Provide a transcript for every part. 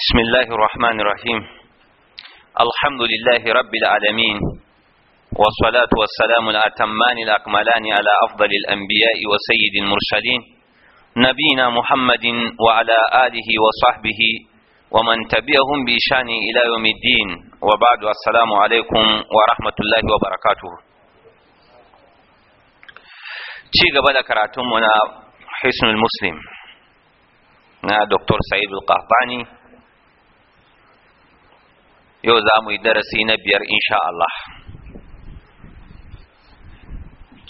بسم الله الرحمن الرحيم الحمد لله رب العالمين والصلاة والسلام الأتمان الأكملان على أفضل الأنبياء وسيد المرسلين نبينا محمد وعلى آله وصحبه ومن تبعهم بإشان إلى يوم الدين وبعد السلام عليكم ورحمة الله وبركاته شيء قبل كراتمنا حسن المسلم دكتور سعيد القهطاني yau za mu yi darasi na biyar insha Allah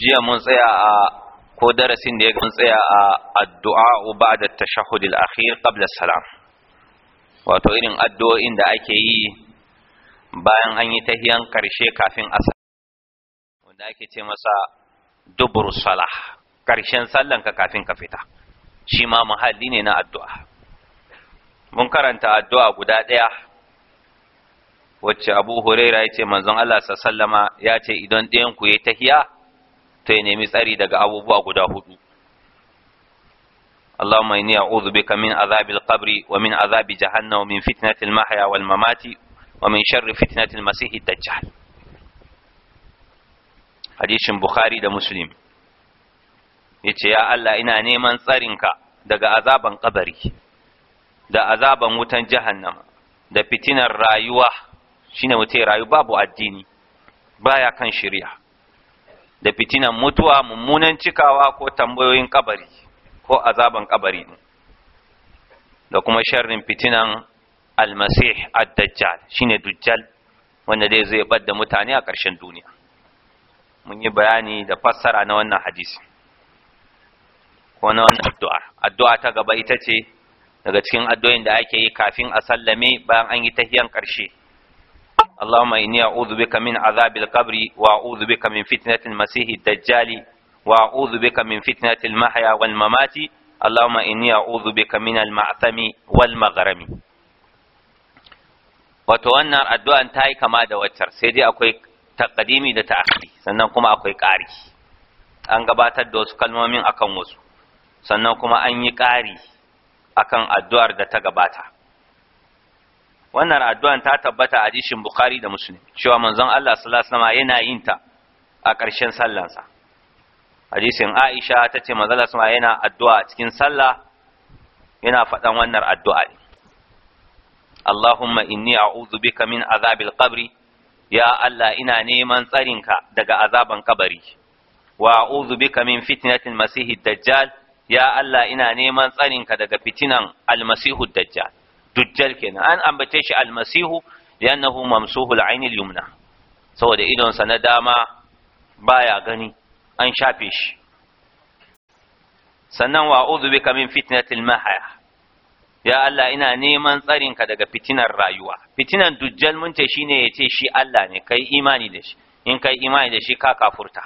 jiya mun tsaya a ko darasin da ya mun tsaya a addu'a ba da tashahudil al-akhir qabla salam wato irin addu'o'in da ake yi bayan an yi tahiyan karshe kafin asa wanda ake ce masa dubur salah karshen sallanka kafin ka fita shi ma muhalli ne na addu'a mun karanta addu'a guda ɗaya wacce Abu Huraira ya ce manzon Allah sallama ya ce idan ɗayan ku ya tahiya to ya nemi tsari daga abubuwa guda hudu اللهم إني أعوذ بك من عذاب القبر ومن عذاب جهنم ومن فتنة المحيا والممات ومن شر فتنة المسيح الدجال حديث بخاري ده مسلم yace ya Allah ina neman tsarinka daga azaban kabari da azaban wutan jahannama da fitinar rayuwa shine mutum ya rayu babu addini baya kan shirya. da fitinan mutuwa mummunan cikawa ko tambayoyin kabari ko azaban kabari ne da kuma sharrin fitinan almasih ad-dajjal shine dujjal wanda dai zai badda mutane a ƙarshen duniya mun yi bayani da fassara na wannan hadisi ko na wannan addu'a addu'a ta gaba ita ce daga cikin addu'o'in da ake yi kafin a sallame bayan an yi tahiyan ƙarshe اللهم إني أعوذ بك من عذاب القبر وأعوذ بك من فتنة المسيح الدجال وأعوذ بك من فتنة المحيا والممات اللهم إني أعوذ بك من المعثم والمغرم wato wannan addu'ar ta yi kama da waccar sai dai akwai taƙadimi da ta'akhiri sannan kuma akwai ƙari an gabatar da wasu kalmomin akan wasu sannan kuma an yi ƙari akan addu'ar da ta gabata wannan addu'an ta tabbata a jishin bukhari da muslim cewa manzon Allah sallallahu yana yin ta a ƙarshen sallansa hadisin Aisha ta ce manzon Allah yana addu'a cikin sallah yana faɗan wannan addu'a ne Allahumma inni a'udhu bika min azabil qabri ya Allah ina neman tsarinka daga azaban kabari wa a'udhu bika min fitnatil masihid dajjal ya Allah ina neman tsarinka daga fitinan almasihu dajjal dujjal kenan an ambace shi almasihu li'annahu mamsuhul ayn yumna saboda idon sa na dama baya gani an shafe shi sannan wa a'udhu bika min fitnatil mahya ya Allah ina neman tsarin ka daga fitinar rayuwa fitinan dujjal mun ce shine yace shi Allah ne kai imani da shi in kai imani da shi ka kafurta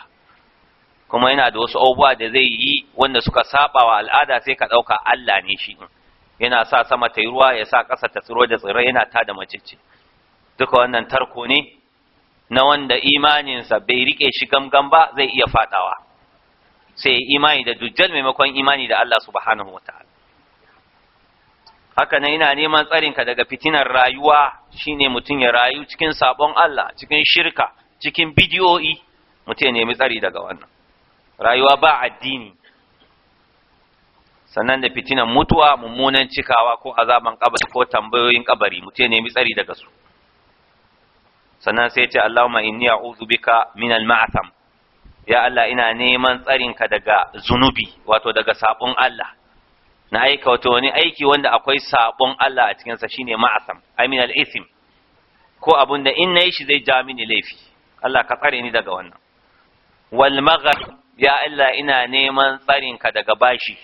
kuma yana da wasu abubuwa da zai yi wanda suka saba wa al'ada sai ka ɗauka Allah ne shi yana sa sama ta yi ruwa ya sa ƙasa ta tsiro da tsirrai yana ta da ce. duka wannan tarko ne na wanda imaninsa bai rike shi gamgam ba zai iya fadawa sai imani da dujjal maimakon imani da Allah subhanahu wataala haka nan ina neman tsarinka daga fitinar rayuwa shine mutum ya rayu cikin sabon Allah cikin shirka cikin bidiyoyi mutum ya nemi tsari daga wannan rayuwa ba addini sannan da fitinan mutuwa mummunan cikawa ko azaban kabari ko tambayoyin kabari mutum nemi tsari daga su sannan sai ce Allahumma inni a'udhu bika min al-ma'tham ya Allah ina neman tsarinka daga zunubi wato daga sabon Allah na aika wato wani aiki wanda akwai sabon Allah a cikin sa shine ma'asam I mean al-ism ko abun da in nayi shi zai ja mini laifi Allah ka tsare ni daga wannan wal maghar ya Allah ina neman tsarinka daga bashi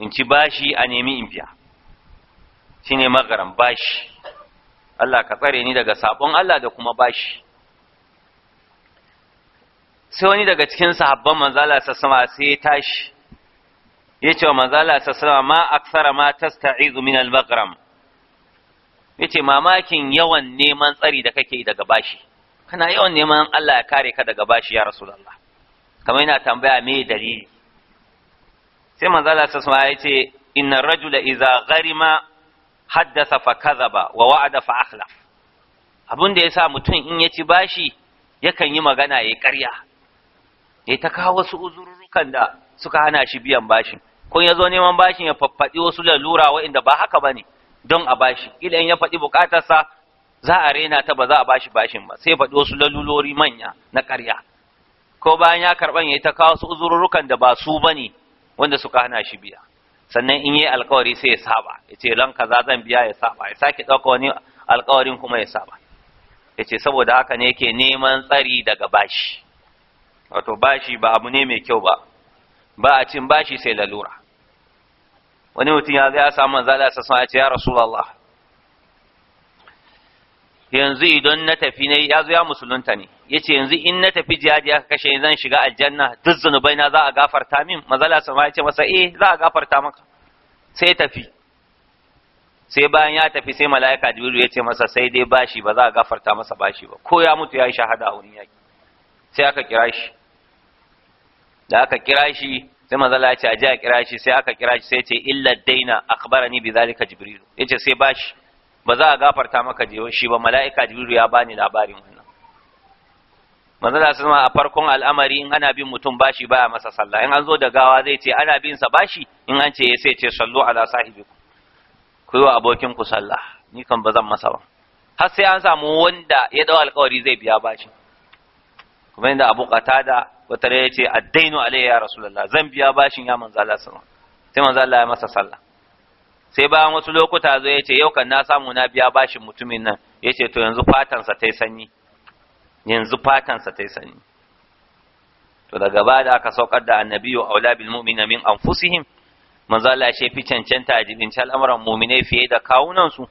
in ci bashi a nemi in biya shine magaran bashi Allah ka tsare ni daga sabon Allah da kuma bashi sai wani daga cikin sahabban manzala sassama sai ya tashi ya ce wa manzala sassama ma aksara ma tasta'izu min al-maghram ya ce mamakin yawan neman tsari da kake daga bashi kana yawan neman Allah ya kare ka daga bashi ya rasulullah kamar yana tambaya me dalili sai manzala ta ya ce inna rajula iza garima haddasa fa ba wa wa'ada fa akhla abin da sa mutum in ya ci bashi yakan yi magana ya karya, ya ta kawo wasu uzurrukan da suka hana shi biyan bashi. ko ya zo neman bashin ya faffaɗi wasu lalura waɗanda ba haka bane don a bashi kila in ya faɗi buƙatarsa za a rena ta ba za a bashi bashin ba sai faɗi wasu lalurori manya na karya. ko bayan ya karɓan ya ta kawo wasu uzurrukan da ba su bane wanda suka hana shi biya sannan in yi alkawari sai ya saba ya ce ran kaza zan biya ya saba ya sake ɗauka wani alkawarin kuma ya saba ya ce saboda haka ne yake neman tsari daga bashi wato bashi ba abu ne mai kyau ba ba a cin bashi sai lalura wani mutum ya zai ya samu manzala sa sun ce ya rasulallah yanzu idan na tafi ne ya zo ya musulunta ne yace yanzu in na tafi jihadi aka kashe zan shiga aljanna duk zunubai na za a gafarta min mazala ma ya ce masa eh za a gafarta maka sai tafi sai bayan ya tafi sai mala'ika jibril ya ce masa sai dai bashi ba za a gafarta masa bashi ba ko ya mutu ya yi shahada a wurin yaki sai aka kira shi da aka kira shi sai manzala ya ce a ji a kira shi sai aka kira shi sai ce illa daina akhbarani bi zalika jibril yace sai bashi ba za a gafarta maka shi ba mala'ika jibril ya bani labarin wannan manzon Allah sama a farkon al'amari in ana bin mutum bashi baya masa sallah in an zo da gawa zai ce ana bin sa bashi in an ce sai ce sallu ala sahibi ku yi wa abokin ku sallah ni kan ba zan masa ba har sai an samu wanda ya dau alƙawari zai biya bashi kuma inda Abu da wata ya ce addainu alayya ya rasulullah zan biya bashin ya manzo Allah sai manzo Allah ya masa sallah sai bayan wasu lokuta zo ya ce yau kan na samu na biya bashin mutumin nan ya ce to yanzu fatansa ta yi sanyi yanzu fatansa ta yi sanyi to daga ba da aka saukar da annabiyu aula bil mu'mina min anfusihim manzo Allah ya fi cancanta a jibin al'amuran mu'mine fiye da kawunan su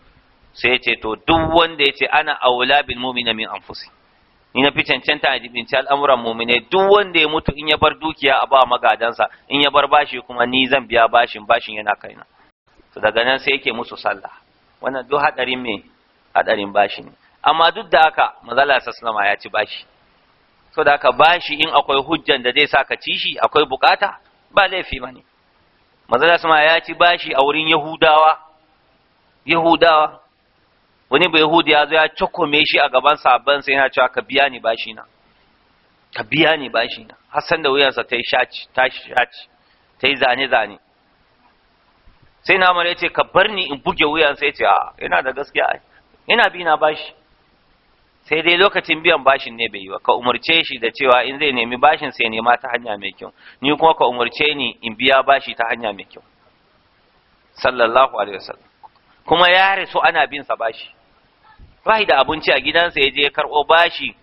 sai ya ce to duk wanda ya ce ana aula bil mu'mina min anfusi ni na fi cancanta a cal al'amuran mumine duk wanda ya mutu in ya bar dukiya a ba magadansa in ya bar bashi kuma ni zan biya bashin bashin yana kaina to daga nan sai yake musu sallah wannan duk hadarin me hadarin bashi ne amma duk da haka manzala sallama ya ci bashi so da haka bashi in akwai hujjan da zai sa ka ci shi akwai bukata ba laifi bane manzala sallama ya ci bashi a wurin yahudawa yahudawa wani bai yahudi ya zo ya cakome shi a gaban sabban sai yana cewa ka biya ni bashi na ka biya ni bashi na har san da wuyansa ta shaci ta yi zane zane sai na mara yace ka bar ni in buge wuyan sai yace a ina da gaskiya ina bi na bashi sai dai lokacin biyan bashin ne bai yi ba ka umarce shi da cewa in zai nemi bashin sai nema ta hanya mai kyau ni kuma ka umarce ni in biya bashi ta hanya mai kyau sallallahu alaihi wasallam kuma ya rasu ana bin sa bashi bai da abinci a gidansa ya je ya karɓo bashi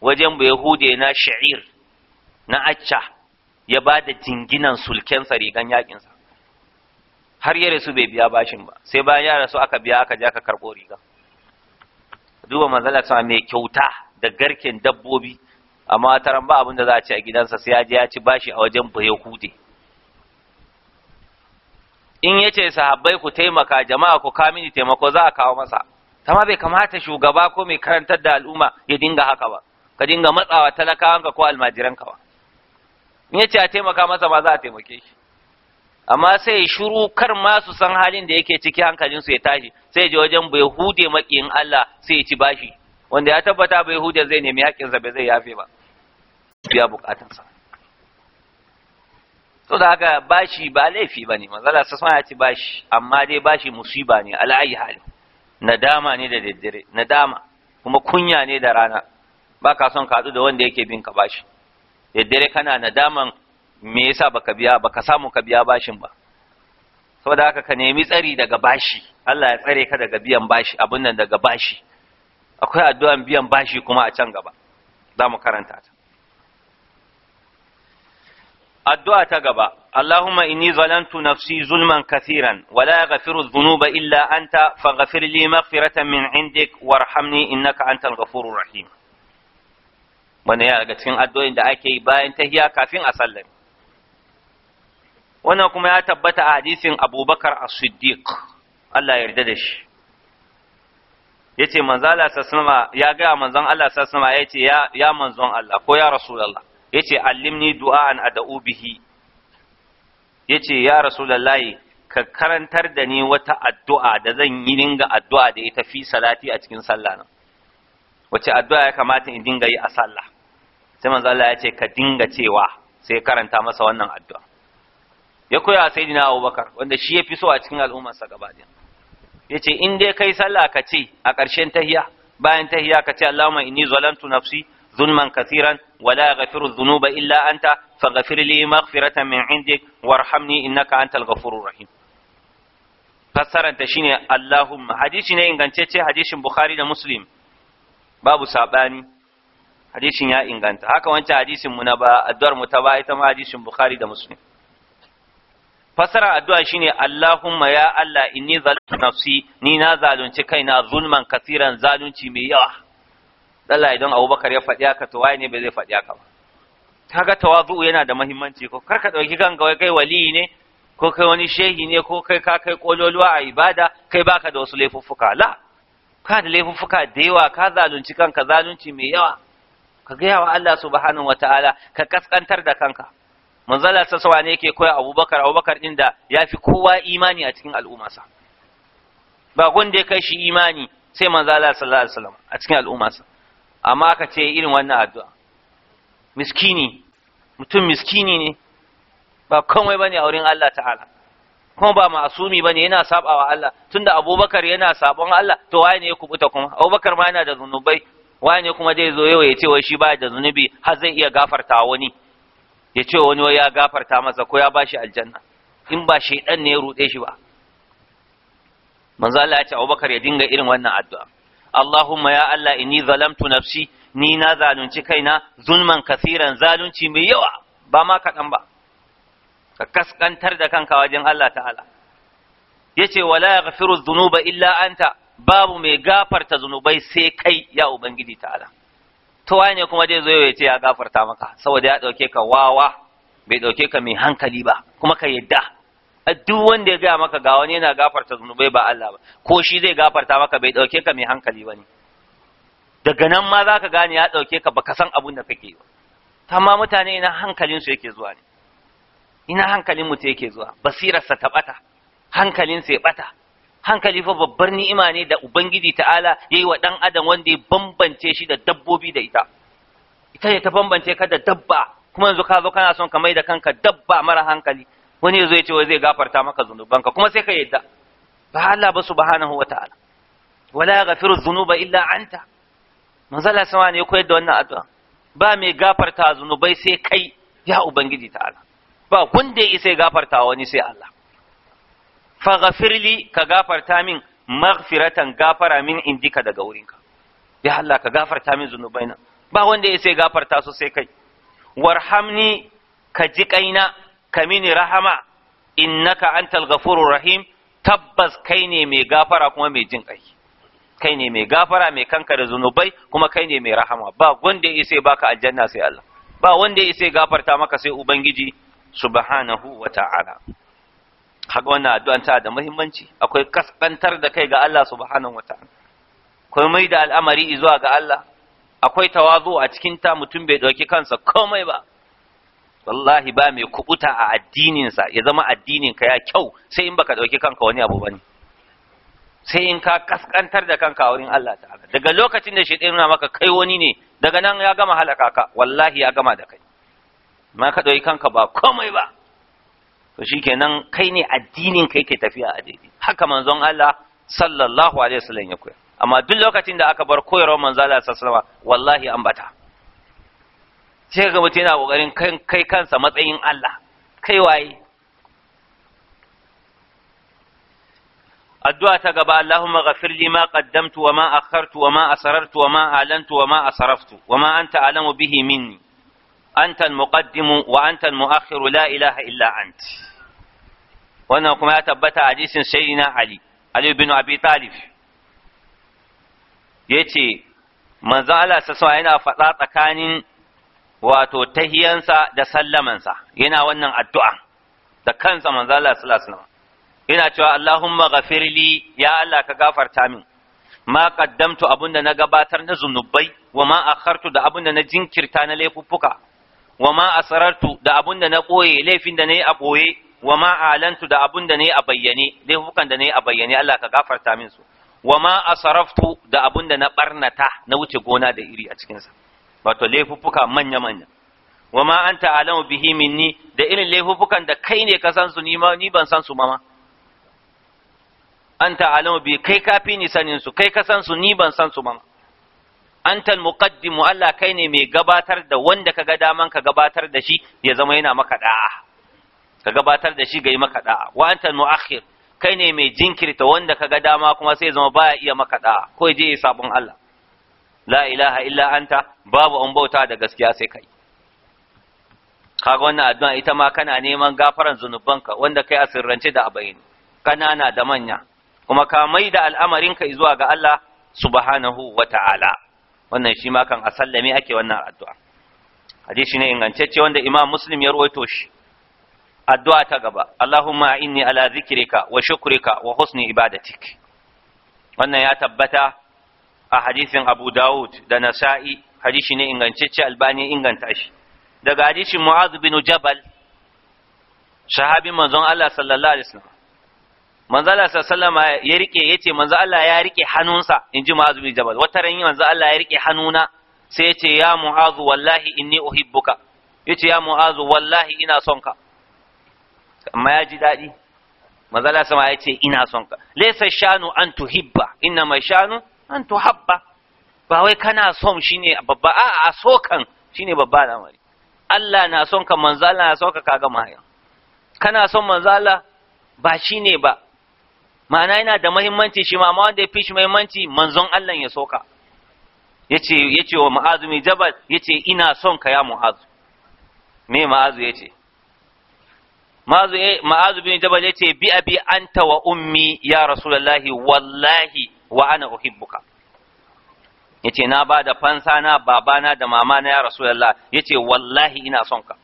wajen bai hude na sha'ir na acca ya ba da jinginan sa rigan sa. har ya rasu bai biya bashin ba sai bayan ya su aka biya aka je aka karɓo riga duba manzala sa mai kyauta da garken dabbobi amma taran ba abin za a ci a gidansa sai ya je ya ci bashi a wajen baye Kude. in ya ce sahabbai ku taimaka jama'a ku ka mini taimako za a kawo masa kama bai kamata shugaba ko mai karantar da al'umma ya dinga haka ba ka dinga matsawa talakawanka ko almajiranka ba in ya ce a taimaka masa ma za a taimake shi amma sai ya shiru kar ma su san halin da yake ciki hankalin su ya tashi sai je wajen bai hude makiyin Allah sai ya ci bashi wanda ya tabbata bai hude zai nemi sa bai zai yafe ba biya bukatansa to da haka bashi ba laifi bane manzala sa ya ci bashi amma dai bashi musiba ne alai hali nadama ne da daddare nadama kuma kunya ne da rana baka son ka da wanda yake bin ka bashi daddare kana nadaman me yasa baka biya baka samu ka biya bashin ba saboda haka ka nemi tsari daga bashi Allah ya tsare ka daga biyan bashi abin nan daga bashi akwai addu'an biyan bashi kuma a can gaba za mu karanta ta addu'a ta gaba Allahumma inni zalantu nafsi zulman kathiran wa la yaghfiru dhunuba illa anta faghfir li maghfiratan min indik warhamni innaka antal ghafurur rahim wannan ya daga cikin addu'o'in da ake yi bayan tahiya kafin a sallame wannan kuma ya tabbata a hadisin abubakar a siddiq Allah ya yarda da shi yace manzo Allah sassama ya gaya manzan Allah sassama yace ya ya manzan Allah ko ya rasulullah yace allimni du'an ad'u bihi yace ya rasulullahi ka karantar da ni wata addu'a da zan yi dinga addu'a da ita fi salati a cikin sallah na wace addu'a ya kamata in dinga yi a sallah sai manzo Allah yace ka dinga cewa sai karanta masa wannan addu'a ya koya Saidina Abubakar wanda shi ya fi so a cikin al'ummarsa gaba Ya yace in dai kai sallah ka ce a ƙarshen tahiya bayan tahiya ka ce Allahumma inni zalamtu nafsi ظلما كثيرا ولا يغفر الذنوب إلا أنت فغفر لي مغفرة من عندك وارحمني إنك أنت الغفور الرحيم فسرن تشيني اللهم حديث ne ingantacce hadisin Bukhari da Muslim babu sabani hadisin ya inganta haka wancan hadisin mu na ba addu'ar mu ta ba ita ma hadisin Bukhari da Muslim fasara addu'a shine Allahumma ya Allah inni zalimtu nafsi ni na zalunci kaina zulman kasiran zalunci mai yawa Allah idan Abubakar ya faɗi haka to waye ne bai zai faɗi haka ba kaga tawazu yana da muhimmanci ko karka dauki kanka wai kai wali ne ko kai wani shehi ne ko kai ka kai kololuwa a ibada kai baka da wasu laifuffuka la ka da laifuffuka da yawa ka zalunci kanka zalunci mai yawa ka gaya wa Allah subhanahu wataala ka kaskantar da kanka manzala ta sawa ne yake koya abubakar abubakar din da ya fi kowa imani a cikin al'umma sa, ba gonde ya kai shi imani sai manzala sallallahu alaihi wasallam a cikin al'umma sa. amma aka ce irin wannan addu'a miskini mutum miskini ne ba komai bane a wurin Allah ta'ala kuma ba ma'asumi bane yana sabawa Allah tunda abubakar yana sabon Allah to waye ne ya kubuta kuma abubakar ma yana da zunubai waye ne kuma zai zo yau ya ce wai shi ba da zunubi har zai iya gafarta wani ya ce wani ya gafarta masa ko ya shi aljanna in ba shaidan ne ya rude shi ba manzo Allah ya ce Abubakar ya dinga irin wannan addu'a Allahumma ya Allah inni zalamtu nafsi ni na zalunci kaina zulman kasiran zalunci mai yawa ba ma kaɗan ba ka kaskantar da kanka wajen Allah ta'ala yace wala yaghfiru zunuba illa anta babu mai gafarta zunubai sai kai ya ubangiji ta'ala to ne kuma zai zo ya ce ya gafarta maka saboda ya dauke ka wawa bai dauke ka mai hankali ba kuma ka yadda duk wanda ya gaya maka ga wani yana gafarta zunubai ba Allah ba ko shi zai gafarta maka bai dauke ka mai hankali ba daga nan ma za ka gane ya dauke ka baka san abun da kake Ta ma mutane ina hankalinsu yake zuwa ne ina hankalin mutum yake zuwa basirarsa ta bata hankalinsa ya bata hankali fa babbar ni'ima ne da ubangiji ta'ala yi wa dan adam wanda ya bambance shi da dabbobi da ita ita ya ta bambance ka da dabba kuma yanzu ka zo kana son ka mai da kanka dabba mara hankali wani zo ya ce wai zai gafarta maka zunubanka kuma sai ka yadda ba Allah ba subhanahu ta'ala. wala yaghfiru zunuba illa anta manzala sama ne koyar da wannan addu'a ba mai gafarta zunubai sai kai ya ubangiji ta'ala ba wanda ya isa ya gafarta wani sai Allah faghfirli ka gafarta min maghfiratan gafara min indika daga wurinka ya Allah ka gafarta min zunubaina ba wanda ya sai gafarta su sai kai warhamni ka ji kaina ka mini rahama innaka antal ghafurur rahim tabbas kai ne mai gafara kuma mai jin kai kai ne mai gafara mai kanka da zunubai kuma kai ne mai rahama ba wanda ya sai baka aljanna sai Allah ba wanda ya sai gafarta maka sai ubangiji subhanahu wata'ala kaga wannan addu'an tana da muhimmanci akwai kaskantar da kai ga Allah subhanahu wataala akwai mai da al'amari zuwa ga Allah akwai tawazu a cikin ta mutum bai dauki kansa komai ba wallahi ba mai kubuta a addinin sa ya zama addinin ka ya kyau sai in baka dauki kanka wani abu bane sai in ka kaskantar da kanka a wurin Allah ta'ala daga lokacin da shaitan yana maka kai wani ne daga nan ya gama halaka ka wallahi ya gama da kai ma ka dauki kanka ba komai ba to shikenan kai ne addinin kai ke tafiya a daidai haka manzon Allah sallallahu alaihi wasallam ya koya, amma duk lokacin da aka bar koyarwar manzon Allah sallallahu alaihi wasallam wallahi an bata sai ga mutum yana kokarin kai kansa matsayin Allah kai waye addu'a ta gaba Allahumma ghafir li ma qaddamtu wa ma akhartu wa ma asrartu wa ma alantu wa ma asraftu wa ma anta alamu bihi minni anta al-muqaddimu wa anta al-mu'akhiru la ilaha illa anti wannan kuma ya tabbata hadisin na ali ali bin abi ya ce, manzan Allah sallallahu yana faɗa tsakanin wato tahiyansa da sallamansa yana wannan addu'a da kansa manzan Allah sallallahu yana cewa Allahumma ghafirli ya Allah ka gafarta min ma abin da na gabatar na zunubai wa ma akhartu da na jinkirta na laifuffuka wa ma asarartu da abunda na koye laifin da na yi a ɓoye wa ma alantu da abun da ne a bayyane laifukan da ne a bayyane Allah ka gafarta min su wa ma asaraftu da abun da na barnata na wuce gona da iri a cikin sa wato laifuffuka manya manya wa ma anta alamu bihi minni da irin laifukan da kai ne ka san su ni ma ni ban san su ma ma anta alamu bi kai kafi ni sanin su kai ka san su ni ban san su ma ma anta muqaddimu Allah kai ne mai gabatar da wanda kaga daman ka gabatar da shi ya zama yana maka da'a ka gabatar da shi ga yi maka da'a wa anta mu'akhir kai ne mai jinkirta wanda kaga dama kuma sai zama baya iya maka da'a ko je yi sabon Allah la ilaha illa anta babu an bauta da gaskiya sai kai kaga wannan addu'a ita ma kana neman gafaran zunubanka wanda kai asirrance da abayin kanana da manya kuma ka mai da al'amarinka zuwa ga Allah subhanahu wa ta'ala wannan shi ma kan asallame ake wannan addu'a hadisi ne ingantacce wanda imam muslim ya ruwaito shi addu'a ta gaba Allahumma inni ala zikrika wa shukrika wa husni ibadatik wannan ya tabbata a hadisin Abu Dawud da Nasa'i Hadishi ne ingantacce Albani inganta shi daga hadishin Mu'adh bin Jabal shahabin manzon Allah sallallahu alaihi wasallam manzo Allah Sallallahu alaihi sallama ya rike yace manzo Allah ya rike hannunsa inji Mu'adh bin Jabal wata ran manzo Allah ya rike hannuna sai yace ya Mu'adh wallahi inni uhibbuka yace ya Mu'adh wallahi ina son ka amma ya ji daɗi mazala sama ya ce ina son ka laisa shanu an tuhibba inna mai shanu an tuhabba ba wai kana son shi ne babba a a so kan ne babba mari Allah na son ka manzala na son ka kaga mahaya kana son manzala ba shi ne ba ma'ana yana da muhimmanci shi ma wanda ya fi shi muhimmanci manzon Allah ya soka yace yace wa mu'azu jabal yace ina son ka ya mu'azu me ma'azu yace ma'azu bin jabal ce bi abi anta wa ummi ya rasulullahi wallahi wa ana uhibbuka ce na ba da fansa na babana da mama na ya rasulullah ce wallahi ina son ka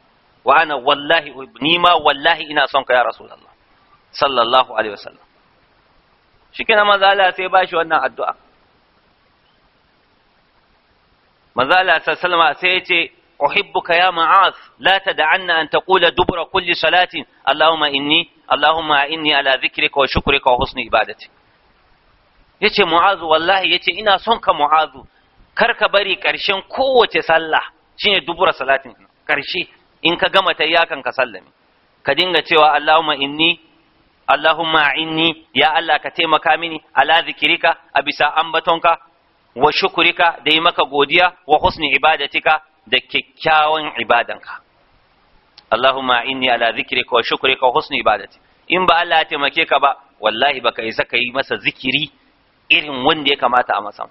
wa ana wallahi ni ma wallahi ina son ka ya rasulullah sallallahu alaihi wasallam shikenan manzo Allah sai ba shi wannan addu'a manzo Allah sallallahu alaihi wasallam sai yace أحبك يا معاذ لا تدعنا أن تقول دبر كل صلاة اللهم إني اللهم إني على ذكرك وشكرك وحسن عبادتك yace mu'azu wallahi yace ina son ka mu'azu kar ka bari karshen kowace sallah shine dubura salatin karshe in ka gama ta iyakan ka sallame ka dinga cewa allahumma inni allahumma inni ya allah ka taimaka mini ala zikirika a bisa ambatonka wa shukurika da yi maka godiya wa husni ibadatika da kyakkyawan ibadanka Allahumma inni ala zikrika wa shukrika wa husni ibadati in ba Allah ya taimake ka ba wallahi baka isa ka yi masa zikiri irin wanda ya kamata a masa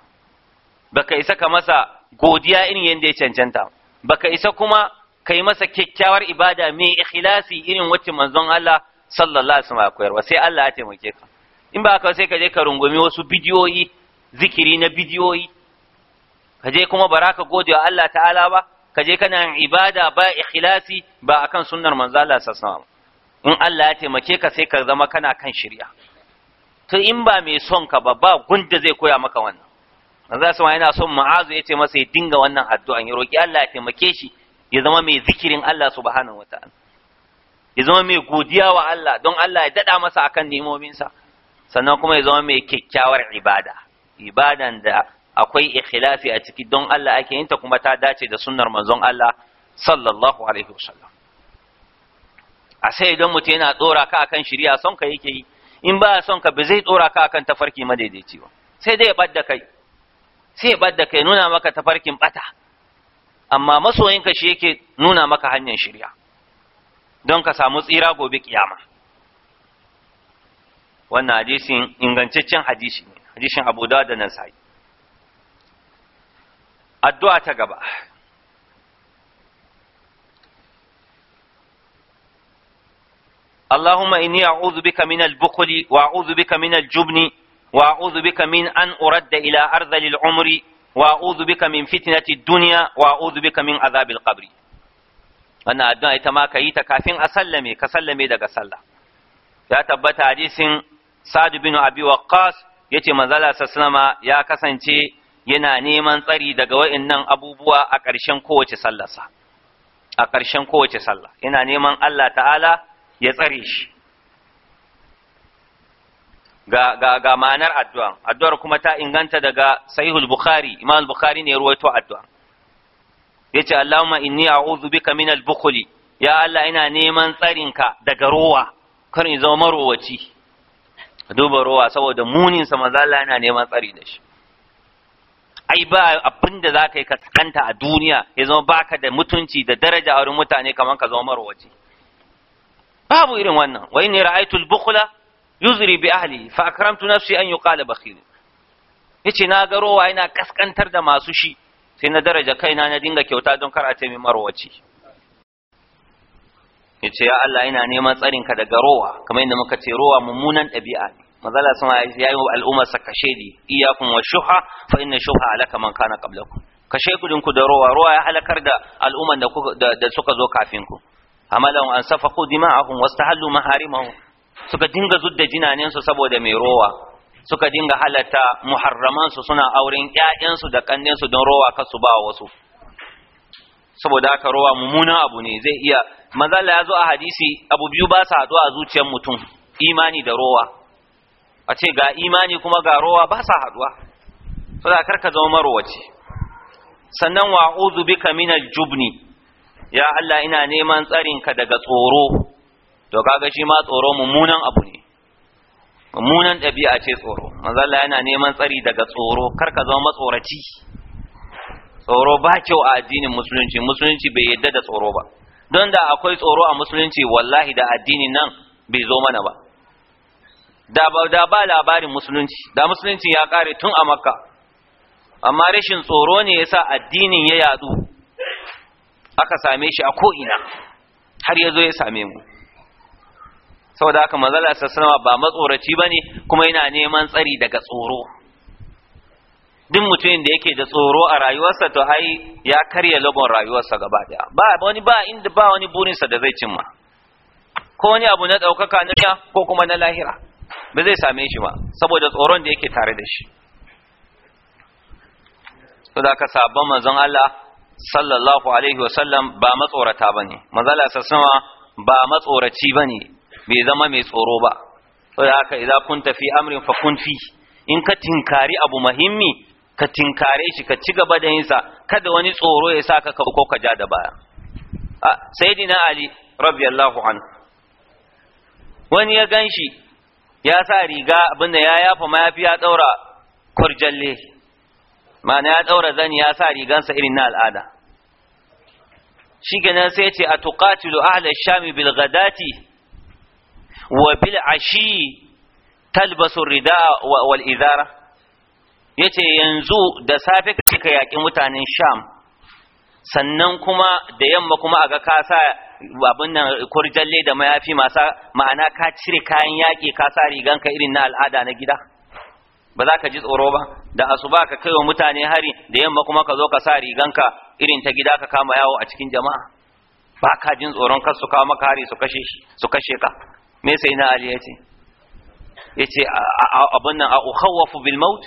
baka isa ka masa godiya irin yadda ya cancanta baka isa kuma ka yi masa kyakkyawar ibada mai ikhlasi irin wacce manzon Allah sallallahu alaihi wasallam koyarwa sai Allah ya taimake ka in ba haka sai ka je ka rungumi wasu bidiyoyi zikiri na bidiyoyi ka je kuma ba ka gode wa Allah ta'ala ba ka je kana ibada ba ikhlasi ba akan sunnar manzo Allah sallallahu in Allah ya taimake ka sai ka zama kana kan shari'a to in ba mai son ka ba ba gunda zai koya maka wannan manzo sallallahu yana son ma'azu ce masa ya dinga wannan addu'a ya roki Allah ya taimake shi ya zama mai zikirin Allah subhanahu wataala ya zama mai godiya wa Allah don Allah ya dada masa akan nemominsa sannan kuma ya zama mai kyakkyawar ibada ibadan da akwai ikhilafi a ciki don Allah ake yin ta kuma ta dace da sunnar manzon Allah sallallahu alaihi wasallam a sai idan mutum yana tsora ka akan shari'a son ka yake yi in ba son ka ba zai tsora ka akan tafarki madaidaici ba sai dai ya badda kai sai ya badda kai nuna maka tafarkin bata amma masoyinka shi yake nuna maka hanyar shirya don ka samu tsira gobe kiyama wannan hadisin ingantaccen hadisi ne hadisin abu da nan addu'a ta gaba Allahumma inni a'udhu bika min wa a'udhu bika jubni wa a'udhu bika an uradda ila ardhil al-umri wa a'udhu bika min fitnati ad wa a'udhu bika min adhab al addu'a ita ma ka yi ta kafin a sallame ka sallame daga sallah ya tabbata hadisin Sa'd bin Abi ya ce manzala sallama ya kasance yana neman tsari daga waɗannan abubuwa a ƙarshen kowace sallarsa a ƙarshen kowace sallah yana neman Allah ta'ala ya tsare shi ga ga ga ma'anar addu'a addu'ar kuma ta inganta daga sahihul bukhari imam bukhari ne ruwaito Ya ce, Allahumma inni a bika min al-bukhli ya Allah ina neman tsarinka daga rowa kar in zama marowaci duba rowa saboda muninsa, maza Allah yana neman tsari da shi ai ba abin da za ka yi kaskanta a duniya ya zama baka da mutunci da daraja a wurin mutane kamar ka zama marwaci babu irin wannan wa inni ra'aytul bukhla yuzri bi ahli fa akramtu nafsi an yuqala bakhil yace na ga rowa yana kaskantar da masu shi sai na daraja kaina na dinga kyauta don kar a ce min marwaci yace ya Allah ina neman tsarin ka daga rowa kamar yadda muka ce rowa mummunan ɗabi'a mazala sun ya yi wa al'ummar sa kashe di iyakun wa shuha fa inna shuha alaka man kana qablakum kashe kudin ku da rowa rowa ya halakar da al'umman da, da, suka zo kafin ku amala an safaku dima'ahum wastahallu maharimahum suka dinga zudda jinanen su saboda mai rowa suka dinga halatta muharraman su suna auren ƴaƴan su da kannen su don rowa kasu ba wasu saboda haka rowa mummunan abu ne zai iya manzala ya zo a hadisi abu biyu ba sa haɗuwa a zuciyar mutum imani da rowa a ce ga imani kuma ga rowa ba sa haduwa saboda kar ka zama marowaci sannan wa uzu bika minal jubni ya Allah ina neman tsarin ka daga tsoro to kaga shi ma tsoro mummunan abu ne mummunan ɗabi'a ce tsoro manzo Allah yana neman tsari daga tsoro kar ka zama matsoraci tsoro ba kyau a addinin musulunci musulunci bai yadda da tsoro ba don da akwai tsoro a musulunci wallahi da addinin nan bai zo mana ba da ba da ba labarin musulunci da musulunci ya kare tun a makka amma rashin tsoro ne yasa addinin ya yadu aka same shi a ko ina har yazo ya same mu saboda haka manzala sassanawa ba matsoraci ne kuma yana neman tsari daga tsoro duk mutumin da yake da tsoro a rayuwarsa to ai ya karya labon rayuwarsa gaba daya ba wani ba inda ba wani burinsa da zai cimma ko wani abu na ɗaukaka na ko kuma na lahira ba zai same shi ba saboda tsoron da yake tare da shi da ka sabon manzon Allah sallallahu alaihi wa sallam ba matsorata bane manzon sassama ba matsoraci bane bai zama mai tsoro ba da haka idan kun tafi amrin fa kun fi in ka tinkari abu muhimmi ka tinkare shi ka ci gaba da yinsa kada wani tsoro ya sa ka ko ka ja da baya sayyidina ali radiyallahu anhu wani ya ganshi ya sa riga abin ya yafa mayafi ya daura kurjalle ma'ana ya daura zani ya sa rigansa irin na al'ada shikenan sai ce a tuqatilu ahla shami bil ghadati wa bil ashi talbasu ridaa wal ya yace yanzu da safe ka yaƙi mutanen sham sannan kuma da yamma kuma aga ka sa abin nan kurjalle da mayafi masa ma'ana ka cire kayan yaki ka sa riganka irin na al'ada na gida ba za ka ji tsoro ba da asuba ka kaiwa mutane hari da yamma kuma ka zo ka sa riganka irin ta gida ka kama yawo a cikin jama'a ba ka jin tsoron kar su kawo maka hari su kashe shi su kashe ka me sai na ali yace yace abun nan a ukhawafu bil maut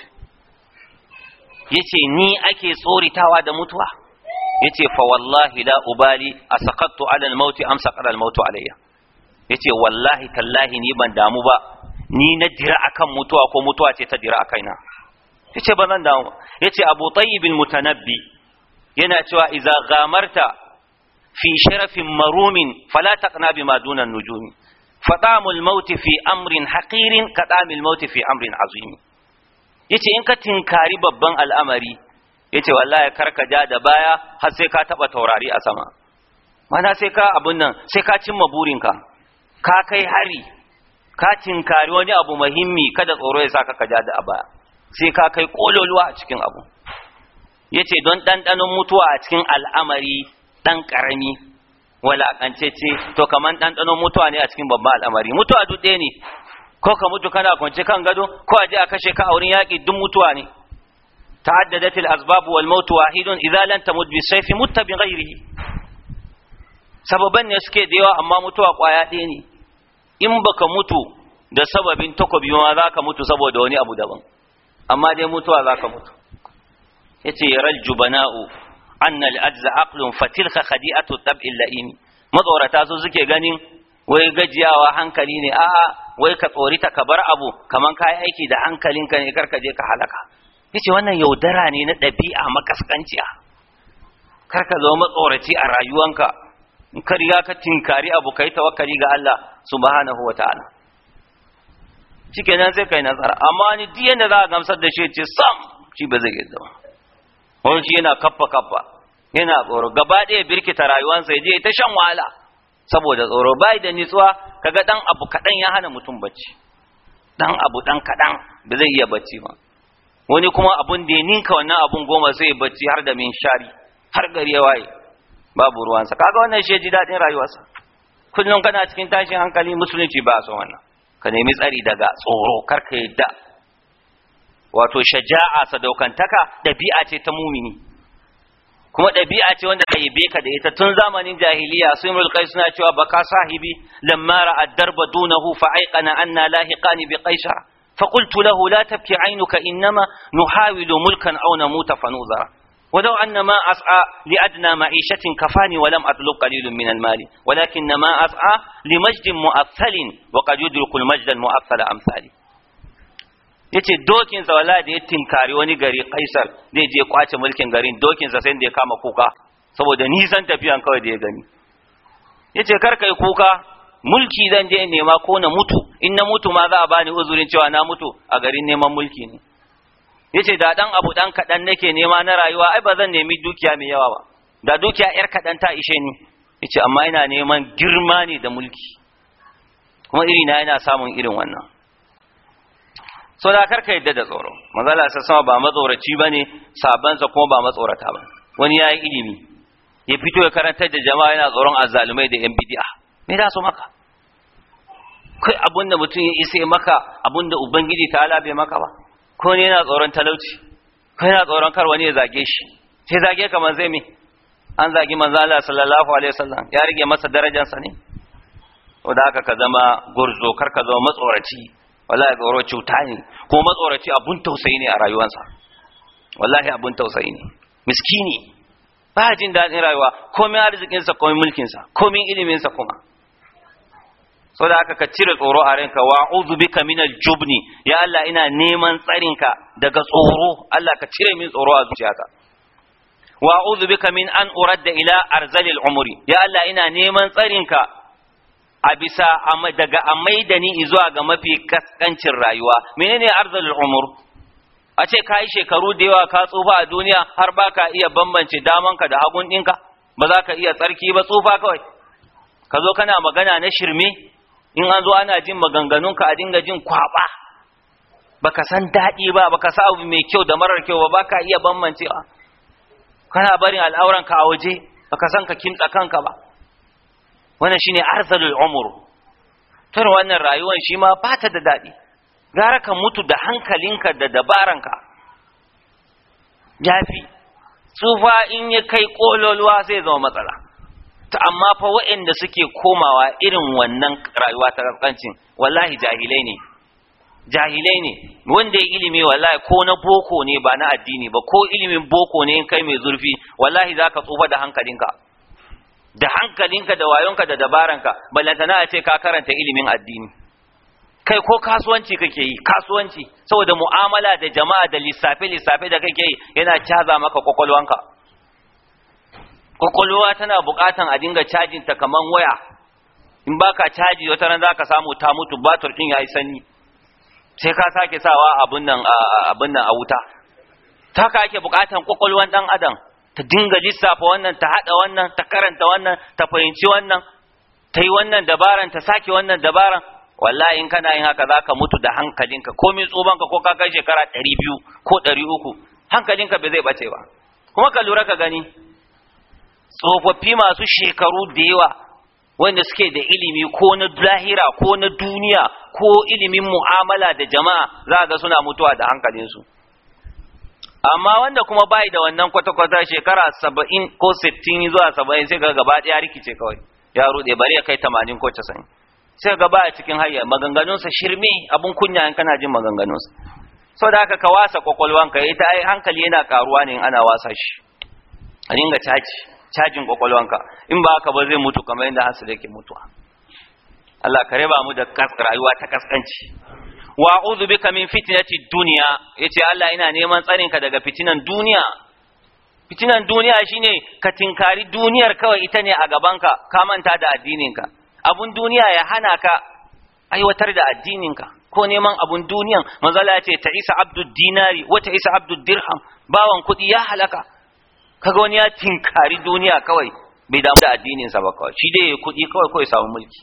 yace ni ake tsoritawa da mutuwa yace fa wallahi la ubali asaqattu ala al-maut amsa saqala al-maut alayya yace wallahi tallahi ni ban damu ba ni na jira akan mutuwa ko mutuwa ce ta jira kaina yace ba zan damu yace abu tayyib al-mutanabbi yana cewa idza ghamarta fi sharafin marumin fala taqna bima duna an-nujum fatamul maut fi amrin haqirin katamil maut fi amrin azim yace in ka tinkari babban al'amari yace wallahi kar ka ja da baya har sai ka taba taurari a sama mana sai ka abun nan sai ka cimma burinka ka kai hari ka tinkari wani abu muhimmi kada tsoro ya saka ka ja da baya sai ka kai kololuwa a cikin abu yace don dandanon mutuwa a cikin al'amari dan karami walakance ce to kaman dandanon mutuwa ne a cikin babban al'amari mutuwa duk ɗaya ne ko ka mutu kana kwance kan gado ko a je a kashe ka a wurin yaƙi duk mutuwa ne تعددت الأسباب والموت واحد إذا لن تمت بالسيف مت بغيره سببا يسكي ديوا أما متوا قواياتيني إن بك متو da sababin takobi ma za ka mutu saboda wani abu daban amma dai mutuwa za ka mutu ya ce rajju bana'u annal ajza aqlun fatilka khadi'atu tab'il la'imi matsorata su suke ganin wai gajiyawa hankali ne a'a wai ka tsorita ka bar abu kamar kai aiki da hankalinka ne kar ka je ka halaka yace wannan yaudara ne na ɗabi'a makaskanciya kar ka zama matsoraci a rayuwanka in ka riga ka tinkari abu kai tawakkali ga Allah subhanahu wataala nan sai kai nazara amma ni duk yanda za ka gamsar da shi ce sam shi ba zai yadda wani shi yana kaffa kaffa yana tsoro gaba ɗaya birkita rayuwansa ya je ta shan wahala saboda tsoro bai da nitsuwa kaga dan abu kaɗan ya hana mutum bacci dan abu dan kaɗan ba zai iya bacci ba wani kuma abun da ya ninka wannan abun goma zai bacci har da min shari har gari ya waye babu ruwansa kaga wannan shi ji daɗin rayuwarsa kullum kana cikin tashin hankali musulunci ba so wannan ka nemi tsari daga tsoro kar ka yadda wato shaja'a sadaukantaka ɗabi'a ce ta mumini kuma ɗabi'a ce wanda be ka da ita tun zamanin jahiliya sun mulkai suna cewa baka sahibi lamma ra'a darba dunahu fa aiqana anna lahiqani bi qaisara فقلت له لا تبكي عينك إنما نحاول ملكا أو نموت فنوذر ولو أن ما أسعى لأدنى معيشة كفاني ولم أطلب قليل من المال ولكن ما أسعى لمجد مؤثل وقد يدرك المجد المؤثل أمثالي yace dokin sa wala da ya tinkari wani gari Kaisar zai je kwace mulkin garin dokin sa sai da ya kama kuka saboda nisan tafiyan kawai da ya gani yace kar kai kuka mulki zan je nema ko na mutu in na mutu ma za a bani uzurin cewa na mutu a garin neman mulki ne yace da dan abu dan kadan nake nema na rayuwa ai ba zan nemi dukiya mai yawa ba da dukiya yar kadan ta ishe ni yace amma ina neman girma ne da mulki kuma iri na yana samun irin wannan so da karka yadda da tsoro mazala sa sama ba matsoraci bane sa kuma ba matsorata ba wani yayi ilimi ya fito ya karantar da jama'a yana tsoron azzalumai da yan bid'a me za su maka kai abunda mutum ya isa maka abunda ubangiji ta ala bai maka ba ko ne yana tsoron talauci ko yana tsoron kar wani ya zage shi sai zage kamar zai me an zagi manzo Allah sallallahu alaihi wasallam ya rige masa darajarsa ne to da haka ka zama gurzo kar ka zama matsoraci wallahi tsoro cuta ne ko matsoraci abun tausayi ne a rayuwarsa wallahi abun tausayi ne miskini ba jin daɗin rayuwa komai arzikinsa komai mulkinsa komai iliminsa kuma so da haka ka cire tsoro a ranka wa uzu bika min aljubni ya Allah ina neman tsarinka daga tsoro Allah ka cire min tsoro a zuciyata wa uzu bika min an uradda ila arzalil umri ya Allah ina neman tsarinka a bisa daga amaida ni zuwa ga mafi kaskancin rayuwa menene arzalil umur a ce ka yi shekaru da yawa ka tsufa a duniya har ba ka iya bambance damanka da hagun ɗinka ba za ka iya tsarki ba tsufa kawai ka zo kana magana na shirme in an zo ana jin maganganunka a dinga jin kwaba baka san daɗi ba baka sa abu mai kyau da marar kyau ba baka iya bambancewa kana barin al'auranka a waje baka san ka kimtsa kanka ba wannan shine arzalul umur tun wannan rayuwar shi ma ba ta da daɗi gara ka mutu da hankalinka da dabaranka yafi tsufa in ya kai ƙololuwa sai zama matsala ta amma fa waɗanda suke komawa irin wannan rayuwa ta kaskancin wallahi jahilai ne jahilai ne wanda ya ilimi wallahi ko na boko ne ba na addini ba ko ilimin boko ne in kai mai zurfi wallahi za ka tsufa da hankalinka da hankalinka da wayonka da dabaranka ballantana a ce ka karanta ilimin addini kai ko kasuwanci kake yi kasuwanci saboda mu'amala da jama'a da lissafe lissafe da kake yi yana caza maka kwakwalwanka kwakwalwa tana buƙatan a dinga cajin ta kaman waya in baka caji wata ran zaka samu ta mutu batur din yayi sanyi sai ka sake sawa abun nan abun nan a wuta ta ka ake buƙatan kwakwalwan dan adam ta dinga lissafa wannan ta hada wannan ta karanta wannan ta fahimci wannan ta yi wannan dabaran ta sake wannan dabaran wallahi in kana yin haka zaka mutu da hankalinka ko tsoban ka ko ka kai shekara 200 ko 300 hankalinka bai zai bace ba kuma ka lura ka gani tsofaffi masu shekaru da yawa wanda suke da ilimi ko na zahira ko na duniya ko ilimin mu'amala da jama'a za ga suna mutuwa da hankalinsu amma wanda kuma bai da wannan kwata-kwata shekara saba'in ko sittin zuwa saba'in sai ga gaba ɗaya rikice kawai ya rude bari ya kai tamanin ko casa'in sai ga ba a cikin hayya maganganunsa shirme abun kunya in kana jin maganganunsa sau da haka ka wasa kwakwalwanka ita ai hankali yana karuwa ne in ana wasa shi a dinga caci cajin kwakwalwanka in ba haka ba zai mutu kamar yadda asali yake mutuwa Allah ka ba mu da rayuwa ta kaskanci wa a'udhu bika min fitnati dunya yace Allah ina neman tsarin ka daga fitinan duniya fitinan duniya shine ka tinkari duniyar kawai ita ne a gabanka ka manta da addininka abun duniya ya hana ka aiwatar da addininka ko neman abun duniyan manzo Allah yace ta isa abdud dinari wata isa abdud dirham bawan kudi ya halaka kaga wani ya tinkari duniya kawai bai damu da addinin sa ba kawai shi dai kuɗi kawai kawai samu mulki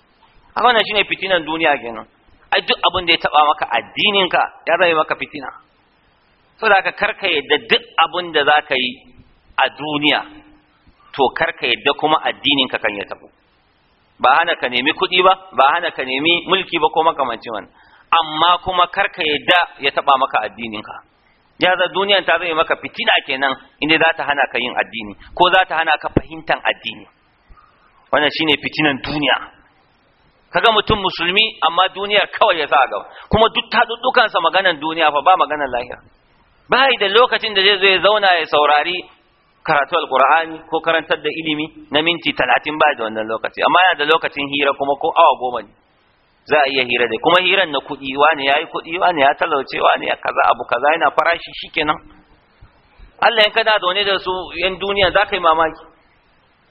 haka wannan shine fitinan duniya kenan ai duk abin da ya taba maka addininka, ka ya zama maka fitina saboda ka karka yadda duk abin da zaka yi a duniya to karka yadda kuma addininka kan ya tabo ba hana ka nemi kuɗi ba ba hana ka nemi mulki ba ko makamancin wannan amma kuma karka yadda ya taba maka addininka ya za duniyan ta zai maka fitina kenan inda za ta hana ka yin addini ko za ta hana ka fahimtar addini wannan shine fitinan duniya kaga mutum musulmi amma duniyar kawai ya sa gaba kuma duk sa maganar duniya fa ba maganar lahira ba da lokacin da zai zo ya zauna ya saurari karatu alqur'ani ko karantar da ilimi na minti talatin ba da wannan lokaci amma yana da lokacin hira kuma ko awa goma ne za a iya hira da kuma hiran na kuɗi wani ya yi kuɗi wani ya talauce wani ya kaza abu kaza yana farashi shikenan Allah ya kada da wani da su yan duniya za ka yi mamaki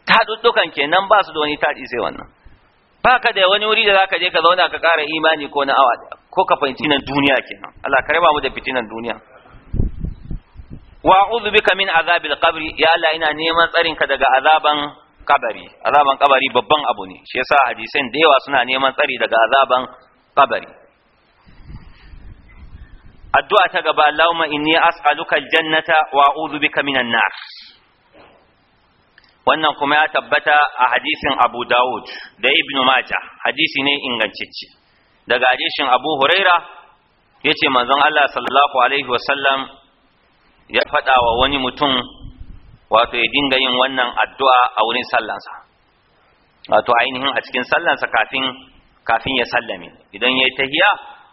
ta dukkan kenan ba su da wani taɗi sai wannan ba ka da wani wuri da za ka je ka zauna ka ƙara imani ko na awa ko ka fahimci nan duniya kenan Allah ka raba mu da fitinan duniya wa a'udhu bika min azabil qabri ya Allah ina neman tsarin ka daga azaban kabari azaban kabari babban abu ne shi yasa hadisan da yawa suna neman tsari daga azaban kabari addu'a ta gaba Allahumma inni as'aluka aljannata wa a'udhu bika minan nar wannan kuma ya tabbata a hadisin Abu Dawud da Ibn Majah hadisi ne ingantacce daga hadisin Abu Huraira yace manzon Allah sallallahu alaihi wasallam ya faɗa wa wani mutum wato ya dinga yin wannan addu'a a wurin sallansa wato ainihin a cikin sallansa kafin kafin ya sallame idan ya yi tahiya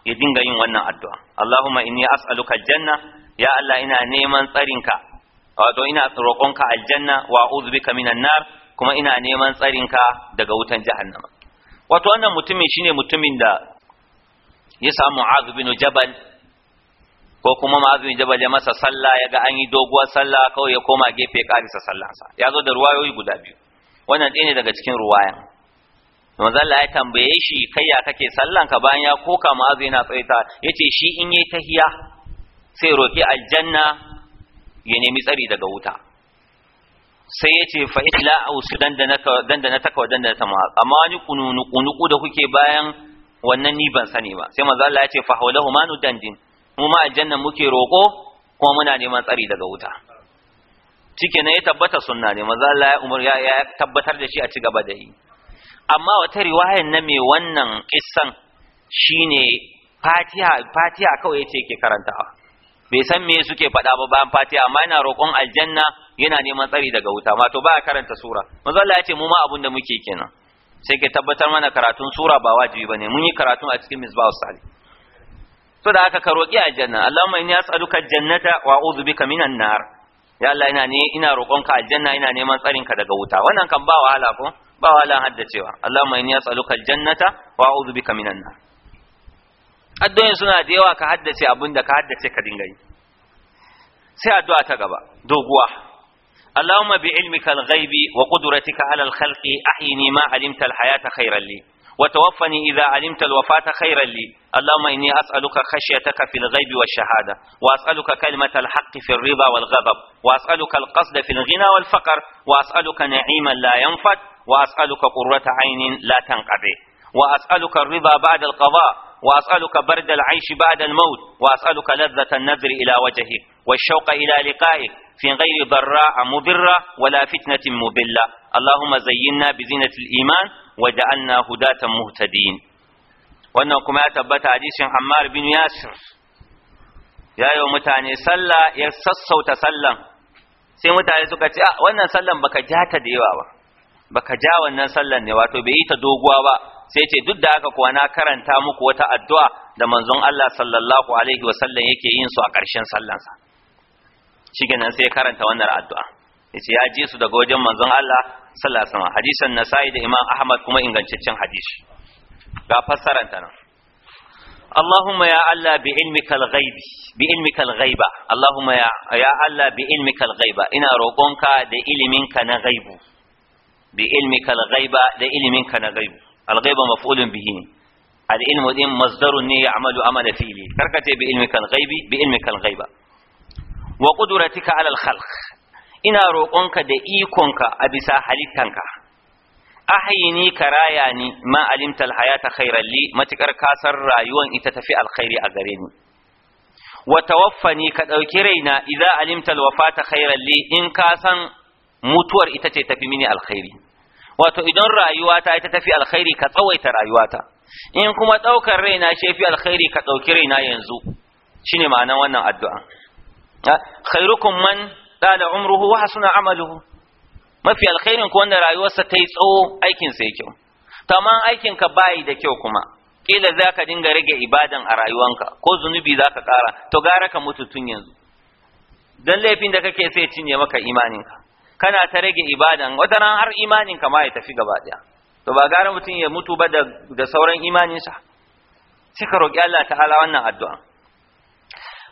ya dinga yin wannan addu'a Allahumma inni as'aluka janna. ya Allah ina neman tsarinka wato ina roƙonka aljanna wa a'udhu bika minan nar kuma ina neman tsarinka daga wutan jahannama wato wannan mutumin shine mutumin da ya samu Mu'adh Jabal ko kuma ma'azu bin jabal ya masa sallah ya ga an yi doguwar sallah kawai ya koma gefe karisa sallansa ya zo da ruwayoyi guda biyu wannan ɗaya ne daga cikin ruwayan manzo Allah ya tambaye shi kai ya kake sallan ka bayan ya koka ma'azu yana tsaita yace shi in yayi tahiya sai roki aljanna ya nemi tsari daga wuta sai ya ce fa ila ausu dandana ta wa dandana ta ma'az amma wani kunuku da kuke bayan wannan ni ban sani ba sai manzo Allah ya ce fa hawlahu ma nu dandin mu ma aljanna muke roƙo kuma muna neman tsari daga wuta cike ne ya tabbata sunna ne maza Allah ya umar ya tabbatar da shi a cigaba da yi amma wata riwayar na mai wannan kissan shine Fatiha Fatiha kawai yace yake karantawa bai san me suke faɗa ba bayan Fatiha amma yana roƙon aljanna yana neman tsari daga wuta ma to ba karanta sura maza Allah ya ce mu ma abun da muke kenan sai ke tabbatar mana karatun sura ba wajibi bane mun yi karatun a cikin misbah salih so da haka ka a aljanna Allahumma inni as'aluka jannata wa a'udhu bika minan nar ya Allah ina ne ina roƙonka aljanna ina neman tsarin ka daga wuta wannan kan ba wahala ko ba wahala haddacewa Allahumma inni as'aluka jannata wa a'udhu bika minan nar addu'o'in suna da yawa ka haddace abinda ka haddace ka dinga yi sai addu'a ta gaba doguwa اللهم بعلمك الغيب وقدرتك على الخلق أحيني ما علمت الحياة خيرا لي وتوفني إذا علمت الوفاة خيرا لي اللهم إني أسألك خشيتك في الغيب والشهادة وأسألك كلمة الحق في الرضا والغضب وأسألك القصد في الغنى والفقر وأسألك نعيما لا ينفد وأسألك قرة عين لا تنقضي وأسألك الرضا بعد القضاء وأسألك برد العيش بعد الموت وأسألك لذة النذر إلى وجهك والشوق إلى لقائك في غير ضراء مضرة ولا فتنة مبلة اللهم زينا بزينة الإيمان waja'alna hudatan muhtadin wannan kuma ya tabbata hadisin Ammar bin Yasir ya yi mutane sallah ya sassauta sallan sai mutane suka ce ah wannan sallan baka ja ta da yawa ba baka ja wannan sallan ne wato bai yi ta doguwa ba sai ce duk da haka kuwa na karanta muku wata addu'a da manzon Allah sallallahu alaihi wa sallam yake yin su a ƙarshen sallansa shi sai karanta wannan addu'a yace ya ji su daga wajen manzon Allah sallallahu alaihi wasallam hadisan nasa'i da imam ahmad kuma ingantaccen hadisi ga fassaran ta nan Allahumma ya Allah bi ilmika al-ghaib bi ilmika al-ghaiba Allahumma ya ya Allah bi ilmika al-ghaiba ina roƙonka da iliminka na ghaibu bi ilmika al-ghaiba da iliminka na ghaibu al-ghaiba maf'ulun bihi ne العلم دين مصدر يعمل عمل فيه كركت بعلمك الغيب بعلمك الغيب وقدرتك على الخلق ina roƙonka da ikonka a bisa halittanka ahayini ka raya ni ma alimta alhayata khairan li matukar san rayuwan ita tafi alkhairi a gare ni wa tawaffani ka ɗauki raina idza alimta alwafata khairan in ka san mutuwar ita ce tafi mini alkhairi wato idan rayuwata ita tafi alkhairi ka tsawaita rayuwata in kuma ɗaukar raina shi fi alkhairi ka ɗauki raina yanzu shine ma'anar wannan addu'a ah, khairukum man tsada umruhu wa hasuna amaluhu mafi alkhairin ko wanda rayuwarsa ta yi tsawo aikinsa ya kyau to amma ka bayi da kyau kuma kila zaka dinga rage ibadan a rayuwanka ko zunubi zaka kara ƙara to gara ka mutu tun yanzu don laifin da kake sai cinye maka imaninka kana ta rage ibadan wata ran har imaninka ma ya tafi gaba ɗaya to ba gara mutum ya mutu ba da sauran imaninsa sai ka roƙi Allah ta'ala wannan addu'a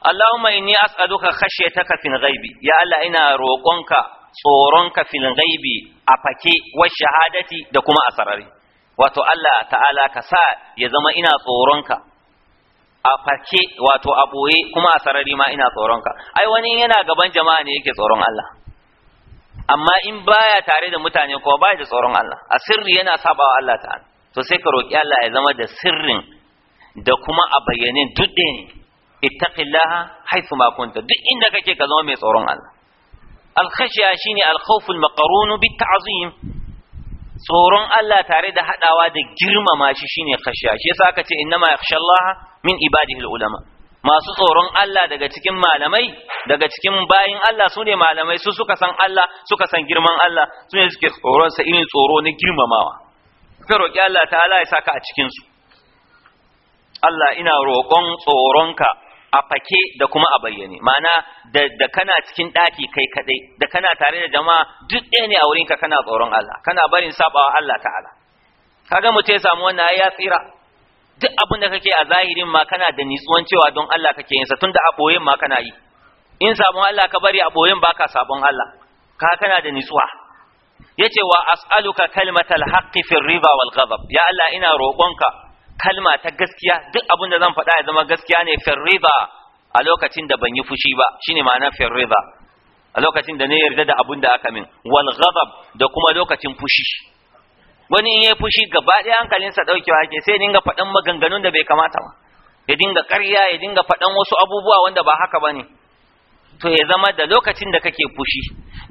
Allahumma inni as'aluka khashyataka fil ghaibi ya Allah ina roƙonka tsoronka fil ghaibi a fake wa shahadati da kuma a sarari wato Allah ta'ala ka sa ya zama ina tsoronka a fake wato a boye kuma a sarari ma ina tsoronka ai wani yana gaban jama'a ne yake tsoron Allah amma in baya tare da mutane kuma baya da tsoron Allah a sirri yana sabawa Allah ta'ala to sai ka roki Allah ya zama da sirrin da kuma a bayyane duk ittaqillaha haythu ma kunta duk inda kake ka zama mai tsoron Allah al-khashiya shine al-khawful maqrun bit ta'zim tsoron Allah tare da hadawa da girmama shi shine khashiya shi yasa aka ce innama yakhshallaha min ibadihi ulama masu tsoron Allah daga cikin malamai daga cikin bayin Allah su ne malamai su suka san Allah suka san girman Allah su ne suke sa irin tsoro na girmamawa ka roƙi Allah ta'ala ya saka a cikinsu Allah ina roƙon tsoronka a fake da kuma a bayyane ma'ana da, kana cikin ɗaki kai kadai da kana tare da jama'a duk ɗaya ne a wurinka kana tsoron Allah kana barin sabawa Allah ta'ala kaga mutum ya samu wannan ya tsira duk abin da kake a zahirin ma kana da nitsuwan cewa don Allah kake yin sa tunda a boyen ma kana yi in sabon Allah ka bari a boyen baka sabon Allah ka kana da nitsuwa yace wa as'aluka kalimatal haqqi fir riba wal ghadab ya Allah ina roƙonka kalma ta gaskiya duk abin da zan faɗa ya zama gaskiya ne firriba a lokacin da ban yi fushi ba shine ma'ana firriba a lokacin da ne yarda da abin da aka min wal ghadab da kuma lokacin fushi wani in yi fushi gaba ɗaya hankalinsa ɗaukewa ake sai ya dinga faɗan maganganun da bai kamata ba ya dinga ƙarya ya dinga faɗan wasu abubuwa wanda ba haka ba ne to ya zama da lokacin da kake fushi